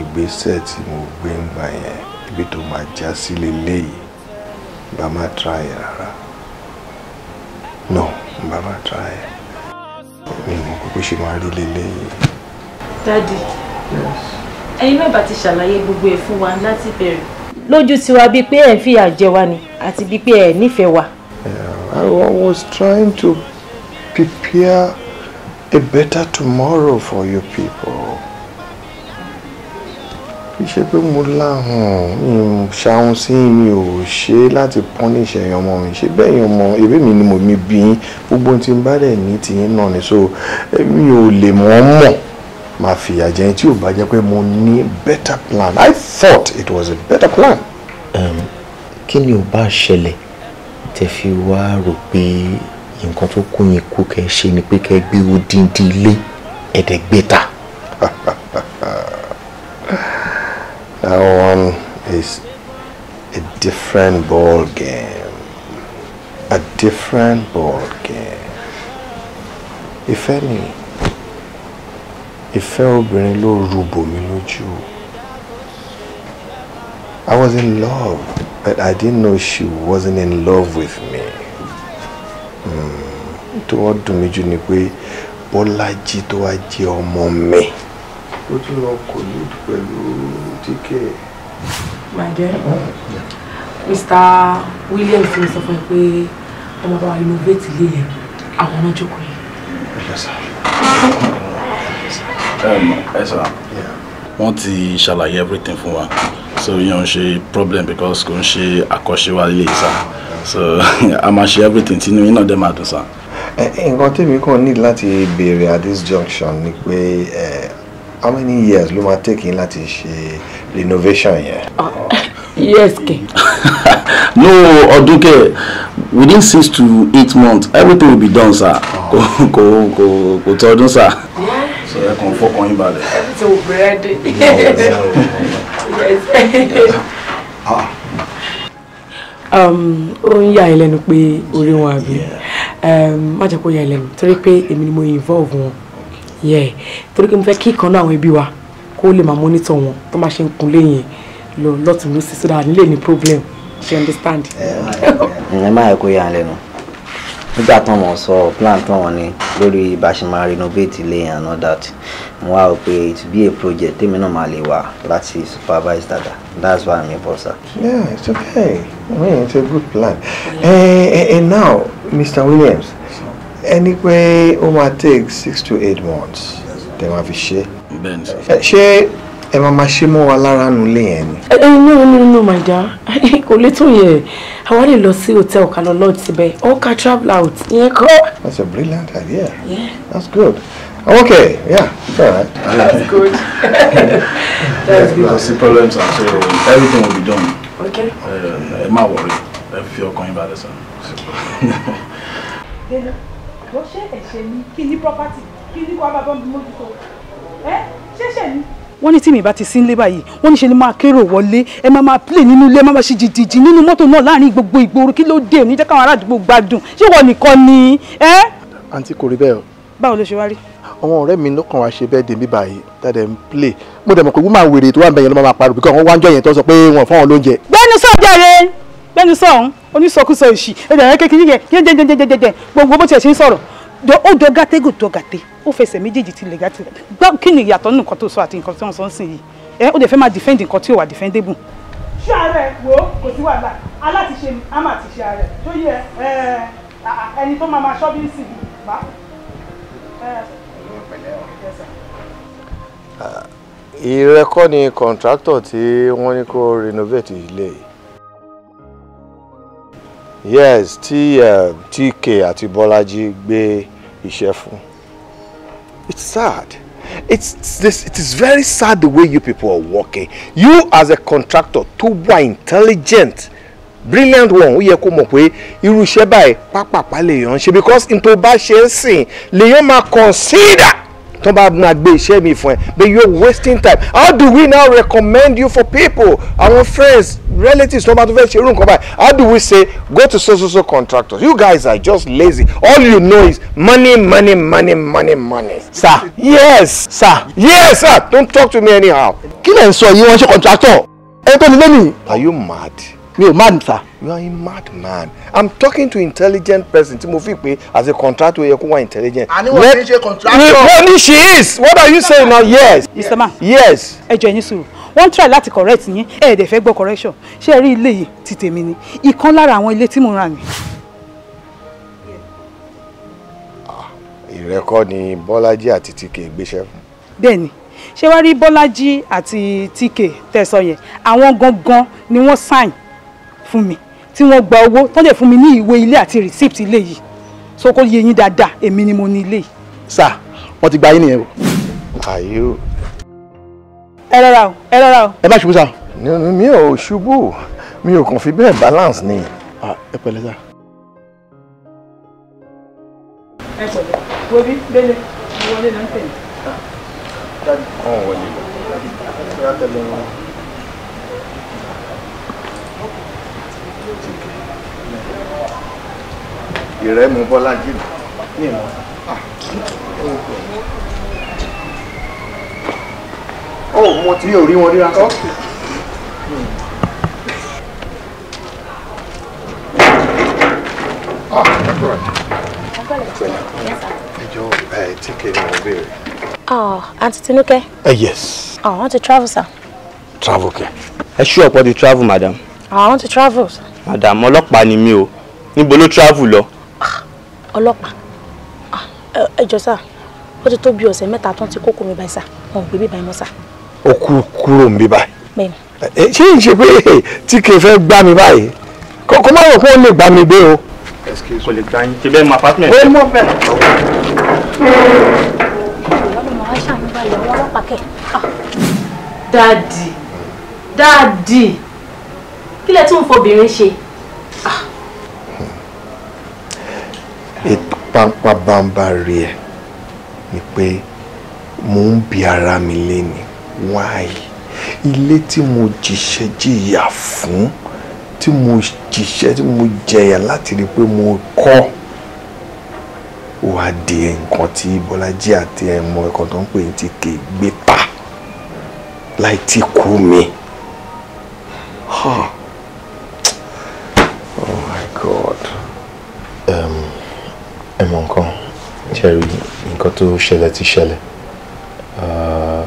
ìgbésẹ̀ tí mo gbé ń gbà yẹn ibi tó máa já sí leléyìí bá má try rárá no bá má try mi mọ̀ pé ṣe máa rí lélẹ́yìn. dádì ẹ̀yin mẹ́bà ti ṣàlàyé gbogbo ẹ̀ fún wa láti bẹ̀rẹ̀. lójú tiwa bíi pé ẹ̀ ń fìyà jẹ wa ni àti bíi pé ẹ̀ nífẹ̀ẹ́ wa. I was trying to prepare a better tomorrow for you people kì pé mo láhùn ṣàhùn sí mi ò ṣe láti pọ́nìṣẹ́ ẹ̀yàn ọmọ mi ṣe bẹ́ẹ̀ yẹn ọmọ ẹbí mi ni mo mi bí yín gbogbo tí n bá dẹ̀ ní tìyín náà ni so mi ò lè mọ̀ ọ́n mọ̀ máa fìyà jẹ tí ò bá jẹ́ pé mo ní better plan I thought it was a better plan. kí ni ò bá ṣẹlẹ̀ tẹ́ fi wá rò pé nǹkan tó kún yín kú kẹ́ ṣe ni pé kẹ́ gbé odindi ilé ẹ̀ẹ́dẹ́gbẹ́ta. That one is a different ball game. A different ball game. If if any, I ni ìfẹ́ little ló rúbò mí lójú. I was in love, but I didn't know she wasn't in love with me. To what do mí jù ni pé Bọ́lájí tó wá jẹ́ ọmọ mi ó tún lọ collude pẹ̀lú díkẹ́. my dear mr William, ti sọ fún mi pé ọmọ bá wa innovate ilé yẹn àwọn náà jókòó yẹn. ẹ sọ wọ́n ti ṣàlàyé everything fún wa so yẹn ń ṣe problem because kò ń ṣe àkọ́ṣe wa lè sá so a máa ṣe everything tí inú yín náà dé máa dùn sá. Eh, eh, nǹkan tèmi kàn ní láti béèrè at this junction ni pé eh, how many years ló máa take yín láti ṣe renovation yẹn. Ah, yes kẹ. no ọdún kẹ within six to eight months everything will be done sir kò kò kò kò tó ọdún sir. so ẹ kàn fọkàn yín balẹ̀. everything will be ready. yes. ah um, ó ń yà ẹ lẹ́nu pé orí wọn àbí um, má jẹ́ kó yà ẹ lẹ́nu torí pé èmi ni mo involve wọn yẹ torí pé mo fẹ́ kí ìkan náà àwọn ẹbí wa kó lè máa mọ́nítọ̀ wọn tó máa ṣe ń kun léyìn lọ lọ́tún ló sì sódà nílé ní problem ṣe understand. ẹ má yẹ kó yà lẹ́nu nígbà tán mo sọ plan tán wọn ni lórí bá ṣe máa renovate ilé and all that mo wá rò pé it be a project tèmi náà máa lè wà láti supervise dada that's why i'm here for yeah it's okay i mean it's a good plan yeah. uh, eh, and now mr williams. Anyway, pé ó take six to eight months tẹ máa fi ṣe. bẹ́ẹ̀ni sọ. ṣé ẹ máa máa ṣe mọ́ wa lára nù lé yẹn ni. ẹ ẹ no no no my dear kò lè tó yẹ àwa lè lọ sí hotel ká lọ lodge síbẹ̀ or ká travel out yẹn kọ́. that's a brilliant idea. Yeah. that's good. Okay, yeah, it's all right. That's good. That's good. That's the problem, sir. So everything will be done. Okay. Uh, ẹ má worry. Ẹ fi ọkàn yín balẹ̀ sir. Yeah jọ ṣé ẹ̀ṣẹ̀ mi kí ní property kí ní kó abábọ́n bí mójútó ẹ ṣẹ̀ṣẹ̀ mi. wọ́n ní tí mi bá ti sí nílé báyìí wọ́n ní ṣe ni máa kérò wọlé ẹ máa máa play nínú ilé máa máa ṣe jìjìjì nínú mọ́tò náà láàrin gbogbo ìgboro kí ló dé òní jẹ́ káwọn aládùúgbò gbádùn ṣé wọ́n nìkan ni ẹ. àǹtí kò rí bẹ́ẹ̀ o. báwo ló ṣe wá rí. àwọn ọ̀rẹ́ mi ló kàn wá ṣe bẹ́ẹ̀ dé mi báyìí dáadáa ń play mo dẹ̀ mọ̀ pé wọ́n máa wèrè tó wà ń bẹ̀yẹn ló máa pariwo bí kò wọ́n wá ń jọ onísọkúsọ ìṣì ẹ̀dá yẹn kékeré yẹn jẹ́jẹ́jẹ́jẹ́jẹ́ gbogbo bó tiẹ̀ ṣe ń sọ̀rọ̀ ó dọ́gàtẹ́gò dọ́gàtẹ́ ó fẹsẹ̀ méjèèjì tilẹ̀ gàtilẹ̀ gbá kí ni ìyàtọ̀ nù nǹkan tó sọ àti nǹkan tí wọ́n sọ ń sìn yìí ẹ ó dẹ̀ fẹ́ máa defend nǹkan tí ò wà defendable. ṣáàrà ẹ̀ wo kò sí wàhálà alátiṣe ni a máa ti ṣe ààrẹ tó yẹ ẹni tó máa máa ṣọ́ bí ń sìn yìí bá. ìrẹ́kọ́ ni kọ̀ǹtrátọ̀ tí wọ́n ní kó renovate ilé yìí yes tí uh, TK àti Bọ́lájí gbé iṣẹ́ fún. it's sad it's this it is very sad the way you people are working you as a contractor tó wà intelligent brilliant one ó yẹ kó mọ̀ pé irú iṣẹ́ báyìí pápápá lèèyàn ń ṣe because n tó bá ṣe é sìn lèèyàn máa consider tó bá máa gbé iṣẹ́ mi fún ẹ but you are wasting time how do we now recommend you for people our friends relatives tó bá tó fẹ́ ṣe irú nǹkan báyìí how do we say go to so so so contractors you guys are just lazy all you know is money money money money money. sir yes sir yes sir don't talk to me anyhow. kí lẹ̀ ń sọ yìí wọ́n ṣe contractor ẹ tó ní lẹ́nu. are you mad mi ò mad sir. you are a mad man i'm talking to intelligent person tí mo fi pé as a contractor yẹ kó wá intelligent. àníwọ̀n kì ṣe contractor. wọ́n ní she is what are you saying now yes. mr man yes. ẹ jọ̀ọ́ ẹ ní sùúrù wọ́n try láti correct yín ẹ ẹ̀dẹ̀ fẹ́ gbọ́ correction ṣé ẹ rí ilé yìí ti tèmi ni ìkan lára àwọn ilé tí mo rà ni. Ah, ìrẹ́kọ́ ni bọ́lájí àti tk gbéṣẹ́ fún. bẹ́ẹ̀ni ṣé wàá rí bọ́lájí àti tk tẹ̀sán yẹn àwọn gangan ni wọ́n sign fún mi tí wọ́n gba owó tán dẹ̀ fún mi ní ìwé ilé àti receipt ilé yìí so kó yé yín dáadáa èmi ni mo ní ilé yìí. sà wọn ti gba yín nìyẹn o. àyò. ẹ rọra o ẹ rọra o. ẹ bá ṣubú sá. mi ò ṣubú mi ò kàn fi bẹ́ẹ̀ balance ni. ẹ pẹ̀lẹ́ sá. ẹ pẹ̀lẹ́ wo bí bẹ́lẹ̀ wọlé náà ń tẹ̀lé. Ah, ọ̀hún wọlé lọ. ìrẹ́mu bọ́lájì ní ìmọ̀ ó ah. oh, oh, mo ti rí wọn ríra sọ. ẹjọ ẹ tí kì í I want to travel sir. travel kẹ. ẹ ṣú ọ̀pọ̀ di travel madam. I ah, want to travel. madam ọlọ́pàá ni mí o níbo ló travel lọ ọlọ́pàá ah, ẹjọ́ sà ó ti tó bí ọ̀sẹ̀ mẹ́ta tán ti kókó mi báyìí sà wọn ò gbé bíbá mọ́ sà. ó kú kúrò ń bíbá. bẹ́ẹ̀ni. ṣé n ṣe pé tí kì í fẹ́ gbá mi báyìí kò má rò pé ó lè gbá mi gbé o. kò lè gbá yín tẹ́lẹ̀ mọ apartment. ó mọ bẹ́ẹ̀. dáàdì dáàdì kí lẹ tún fọbìnrin ṣe. pampabambare ẹ̀ ni pé mò ń bi ara mi léni wáyé ilé tí mo jìṣẹ́ jìyà fún tí mo jìṣẹ́ tí mo jẹyà láti rí i pé mo kọ́ wàá di nǹkan tí Bọ́lájí àti ẹ̀mọ ẹ̀kọ́ tó ń pè ní ti kè gbé ta láì tí kú mi. Huh. ẹ mọ nǹkan Jerry. nǹkan tó ṣẹlẹ̀ ti ṣẹlẹ̀ ah,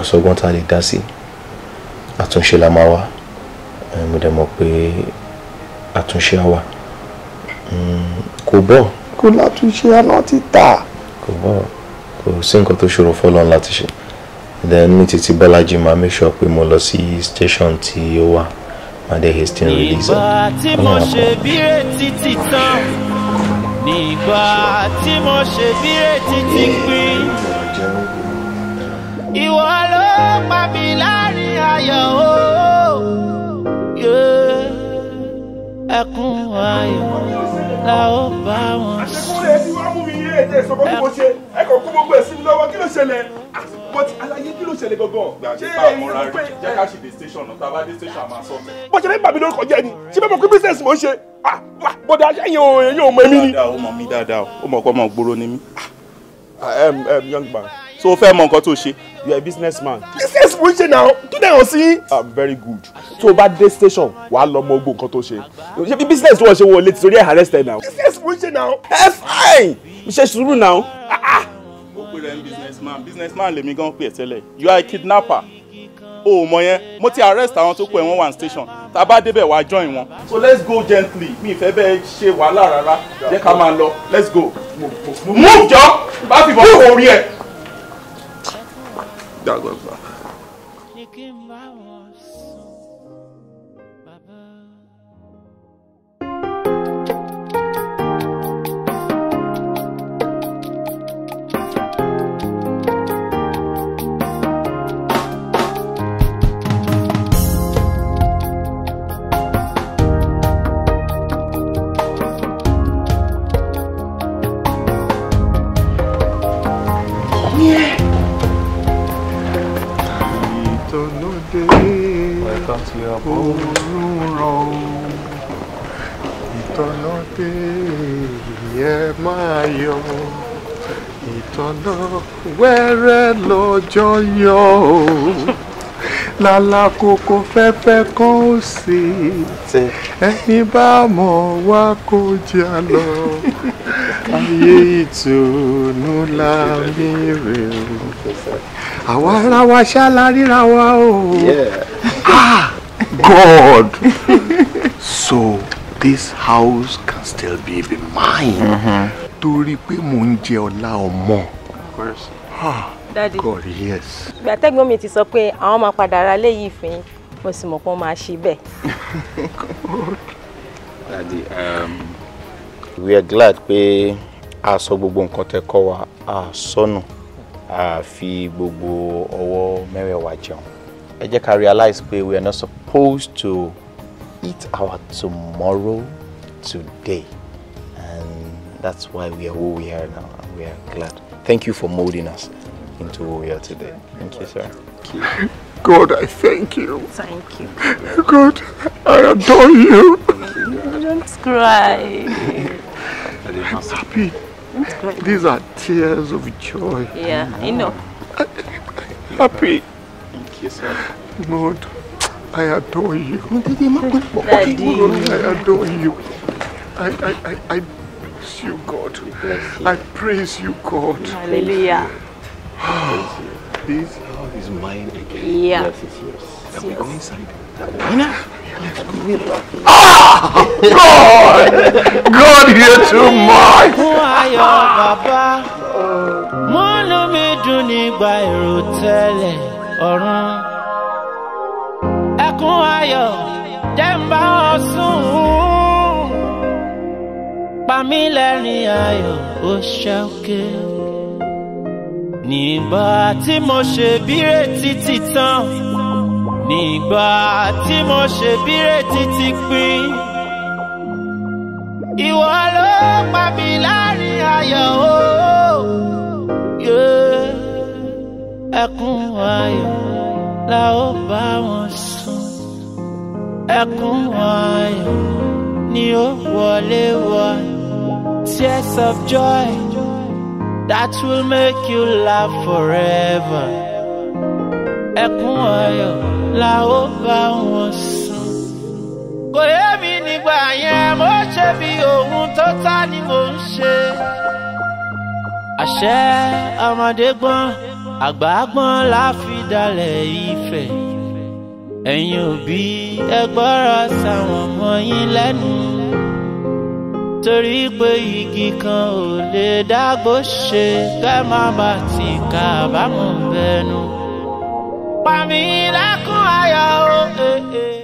ọ̀sọ́gbọ́n tá a lè dá sí àtúnṣe la máa wá eh, mo dẹ̀ mọ̀ pé àtúnṣe á wà hmm, kò bọ̀. kò látúnṣe àná ti tà. kò bọ̀ kò sí nǹkan tó ṣòro fọlọ́n láti ṣe then ní títí bọ́lájí máa make sure pé mo lọ sí station tí ó wà máa dé hasting release ọlọ́run àpọ̀. ìbá tí mo ṣe bí retí ti tán nígbà tí mo ṣe bírètì ti pín ìwọ ló pa mí láàrin ayọ̀ o ẹkún ayọ̀ la ó bá wọn sùn. àṣekúnlẹ̀ ẹni wàá mú mi yé ẹ̀jẹ̀ sọ fún mi bó ṣe ẹ kò kú gbogbo ẹ̀ sí mi lọ́wọ́ kí ló ṣẹlẹ̀ but àlàyé kí ló ṣẹlẹ̀ gangan. ṣé èyí ló pé jẹ́ ká ṣì dé station náà tá a bá dé station a máa sọ. bó ṣe fẹ́ gbàgbé lórúkọ jẹ́ ni ṣé bẹ́ẹ̀ mọ̀ pé business mò ń ṣe bọ́dà sẹ́yìn o èyí ò mọ èmi ni. ó mọ mi dáadáa ó mọ ọkọ ọmọ gbòòrò ni mí. Ah, young man so o fẹ́ mọ nǹkan tó ṣe you are a business man. business wey ṣe na kí ni ẹ̀hàn sí. i'm ah, very good tó o bá dé station wàá lọ mọ gbogbo nǹkan tó ṣe ṣe bí business tó wọ́n ṣe wọ́n létí torí ẹ̀ arrest ẹ̀ náà. business wey ṣe na. ẹ eh, fine ṣe sùúrù náà. ó pè rẹ̀ ń business businessman. business man lèmi gan pè é tẹ́lẹ̀ you are a kidnapper o ò mọ yẹn mo ti arrest àwọn tó kọ ẹ̀ wọ́n wà ní station tá a bá débẹ̀ wàá join wọn. so let's go gently mi ìfẹ́ bẹ́ẹ̀ ṣe wàhálà rárá jẹ́ ká máa lọ let's go. move jọ bá fi bọ́ orí ẹ̀. dàgbà bá. oòrùn rọ o ìtọ́nà dé ẹ máa yọ ìtọ́nà wẹ́rẹ́ lọ́jọ́ yọ o lálàkókò fẹ́fẹ́ kan ó sì ẹni bá mọ̀ wá kó jà lọ ayé ìtùnú la mi rè o àwa ara wa ṣá la ríra wa o. Yeah. Ah! God. so this house can still be, be mine. Torí pé mò ń jẹ ọlá ọmọ. Of course. Ah, Daddy. God, yes. Ìgbà tẹ́gbọ́n mi ti sọ pé àwọn máa padà ra léyìí fún mo sì mọ̀ pé wọ́n máa ṣe Daddy, um, we are glad pé a so gbogbo nǹkan tẹ́ kọ́ wa, a sọnù, a fi gbogbo ọwọ́ mẹ́wẹ̀ẹ̀wá jẹun. I just realized realize we are not supposed to eat our tomorrow today and that's why we are who we are now and we are glad thank you for molding us into who we are today thank you sir thank you. God I thank you thank you God I adore you don't cry I'm happy these are tears of joy yeah I know happy yourself. Lord, I adore you. Daddy. I adore you. I, I, I, I praise you, God. Bless you. I praise you, God. Hallelujah. This house is mine again. Yeah. Yes, it's yours. Now we go inside. Let's go. Ah! God! God, you too much! Mo lo me do ni èrò tẹ́lẹ̀. ọ̀run. ẹkún ayọ̀ jẹ́ ń bá ọ sùn. pa mí lẹ́rìn ayọ̀ ó ṣẹ́kẹ́. nígbà tí mo ṣe bí retí ti tán. nígbà tí mo ṣe bí retí ti pín. ìwọ ló pa mí lẹ́rìn ayọ̀ o ẹkún ayọ̀ la ó bá wọn sùn ẹkún ayọ̀ ni ó wọlé wá tears of joy that will make you laugh forever ẹkún ayọ̀ la ó bá wọn sùn. kò yé mi nígbà yẹn mo ṣe bí ohun tó ta ni mo ń ṣe àṣẹ ọmọdé gbọ́n àgbàgbọ́n la fi dalẹ̀ Ifẹ̀ ẹ̀yin òbí ẹ gbọ́rọ̀ sáwọn ọmọ yín lẹ́nu torí pé igi kan ò lè dágbó ṣe kẹ́ má bàa ti kábàámọ̀ bẹnu pa mí lẹ́kùn o. Eh, eh.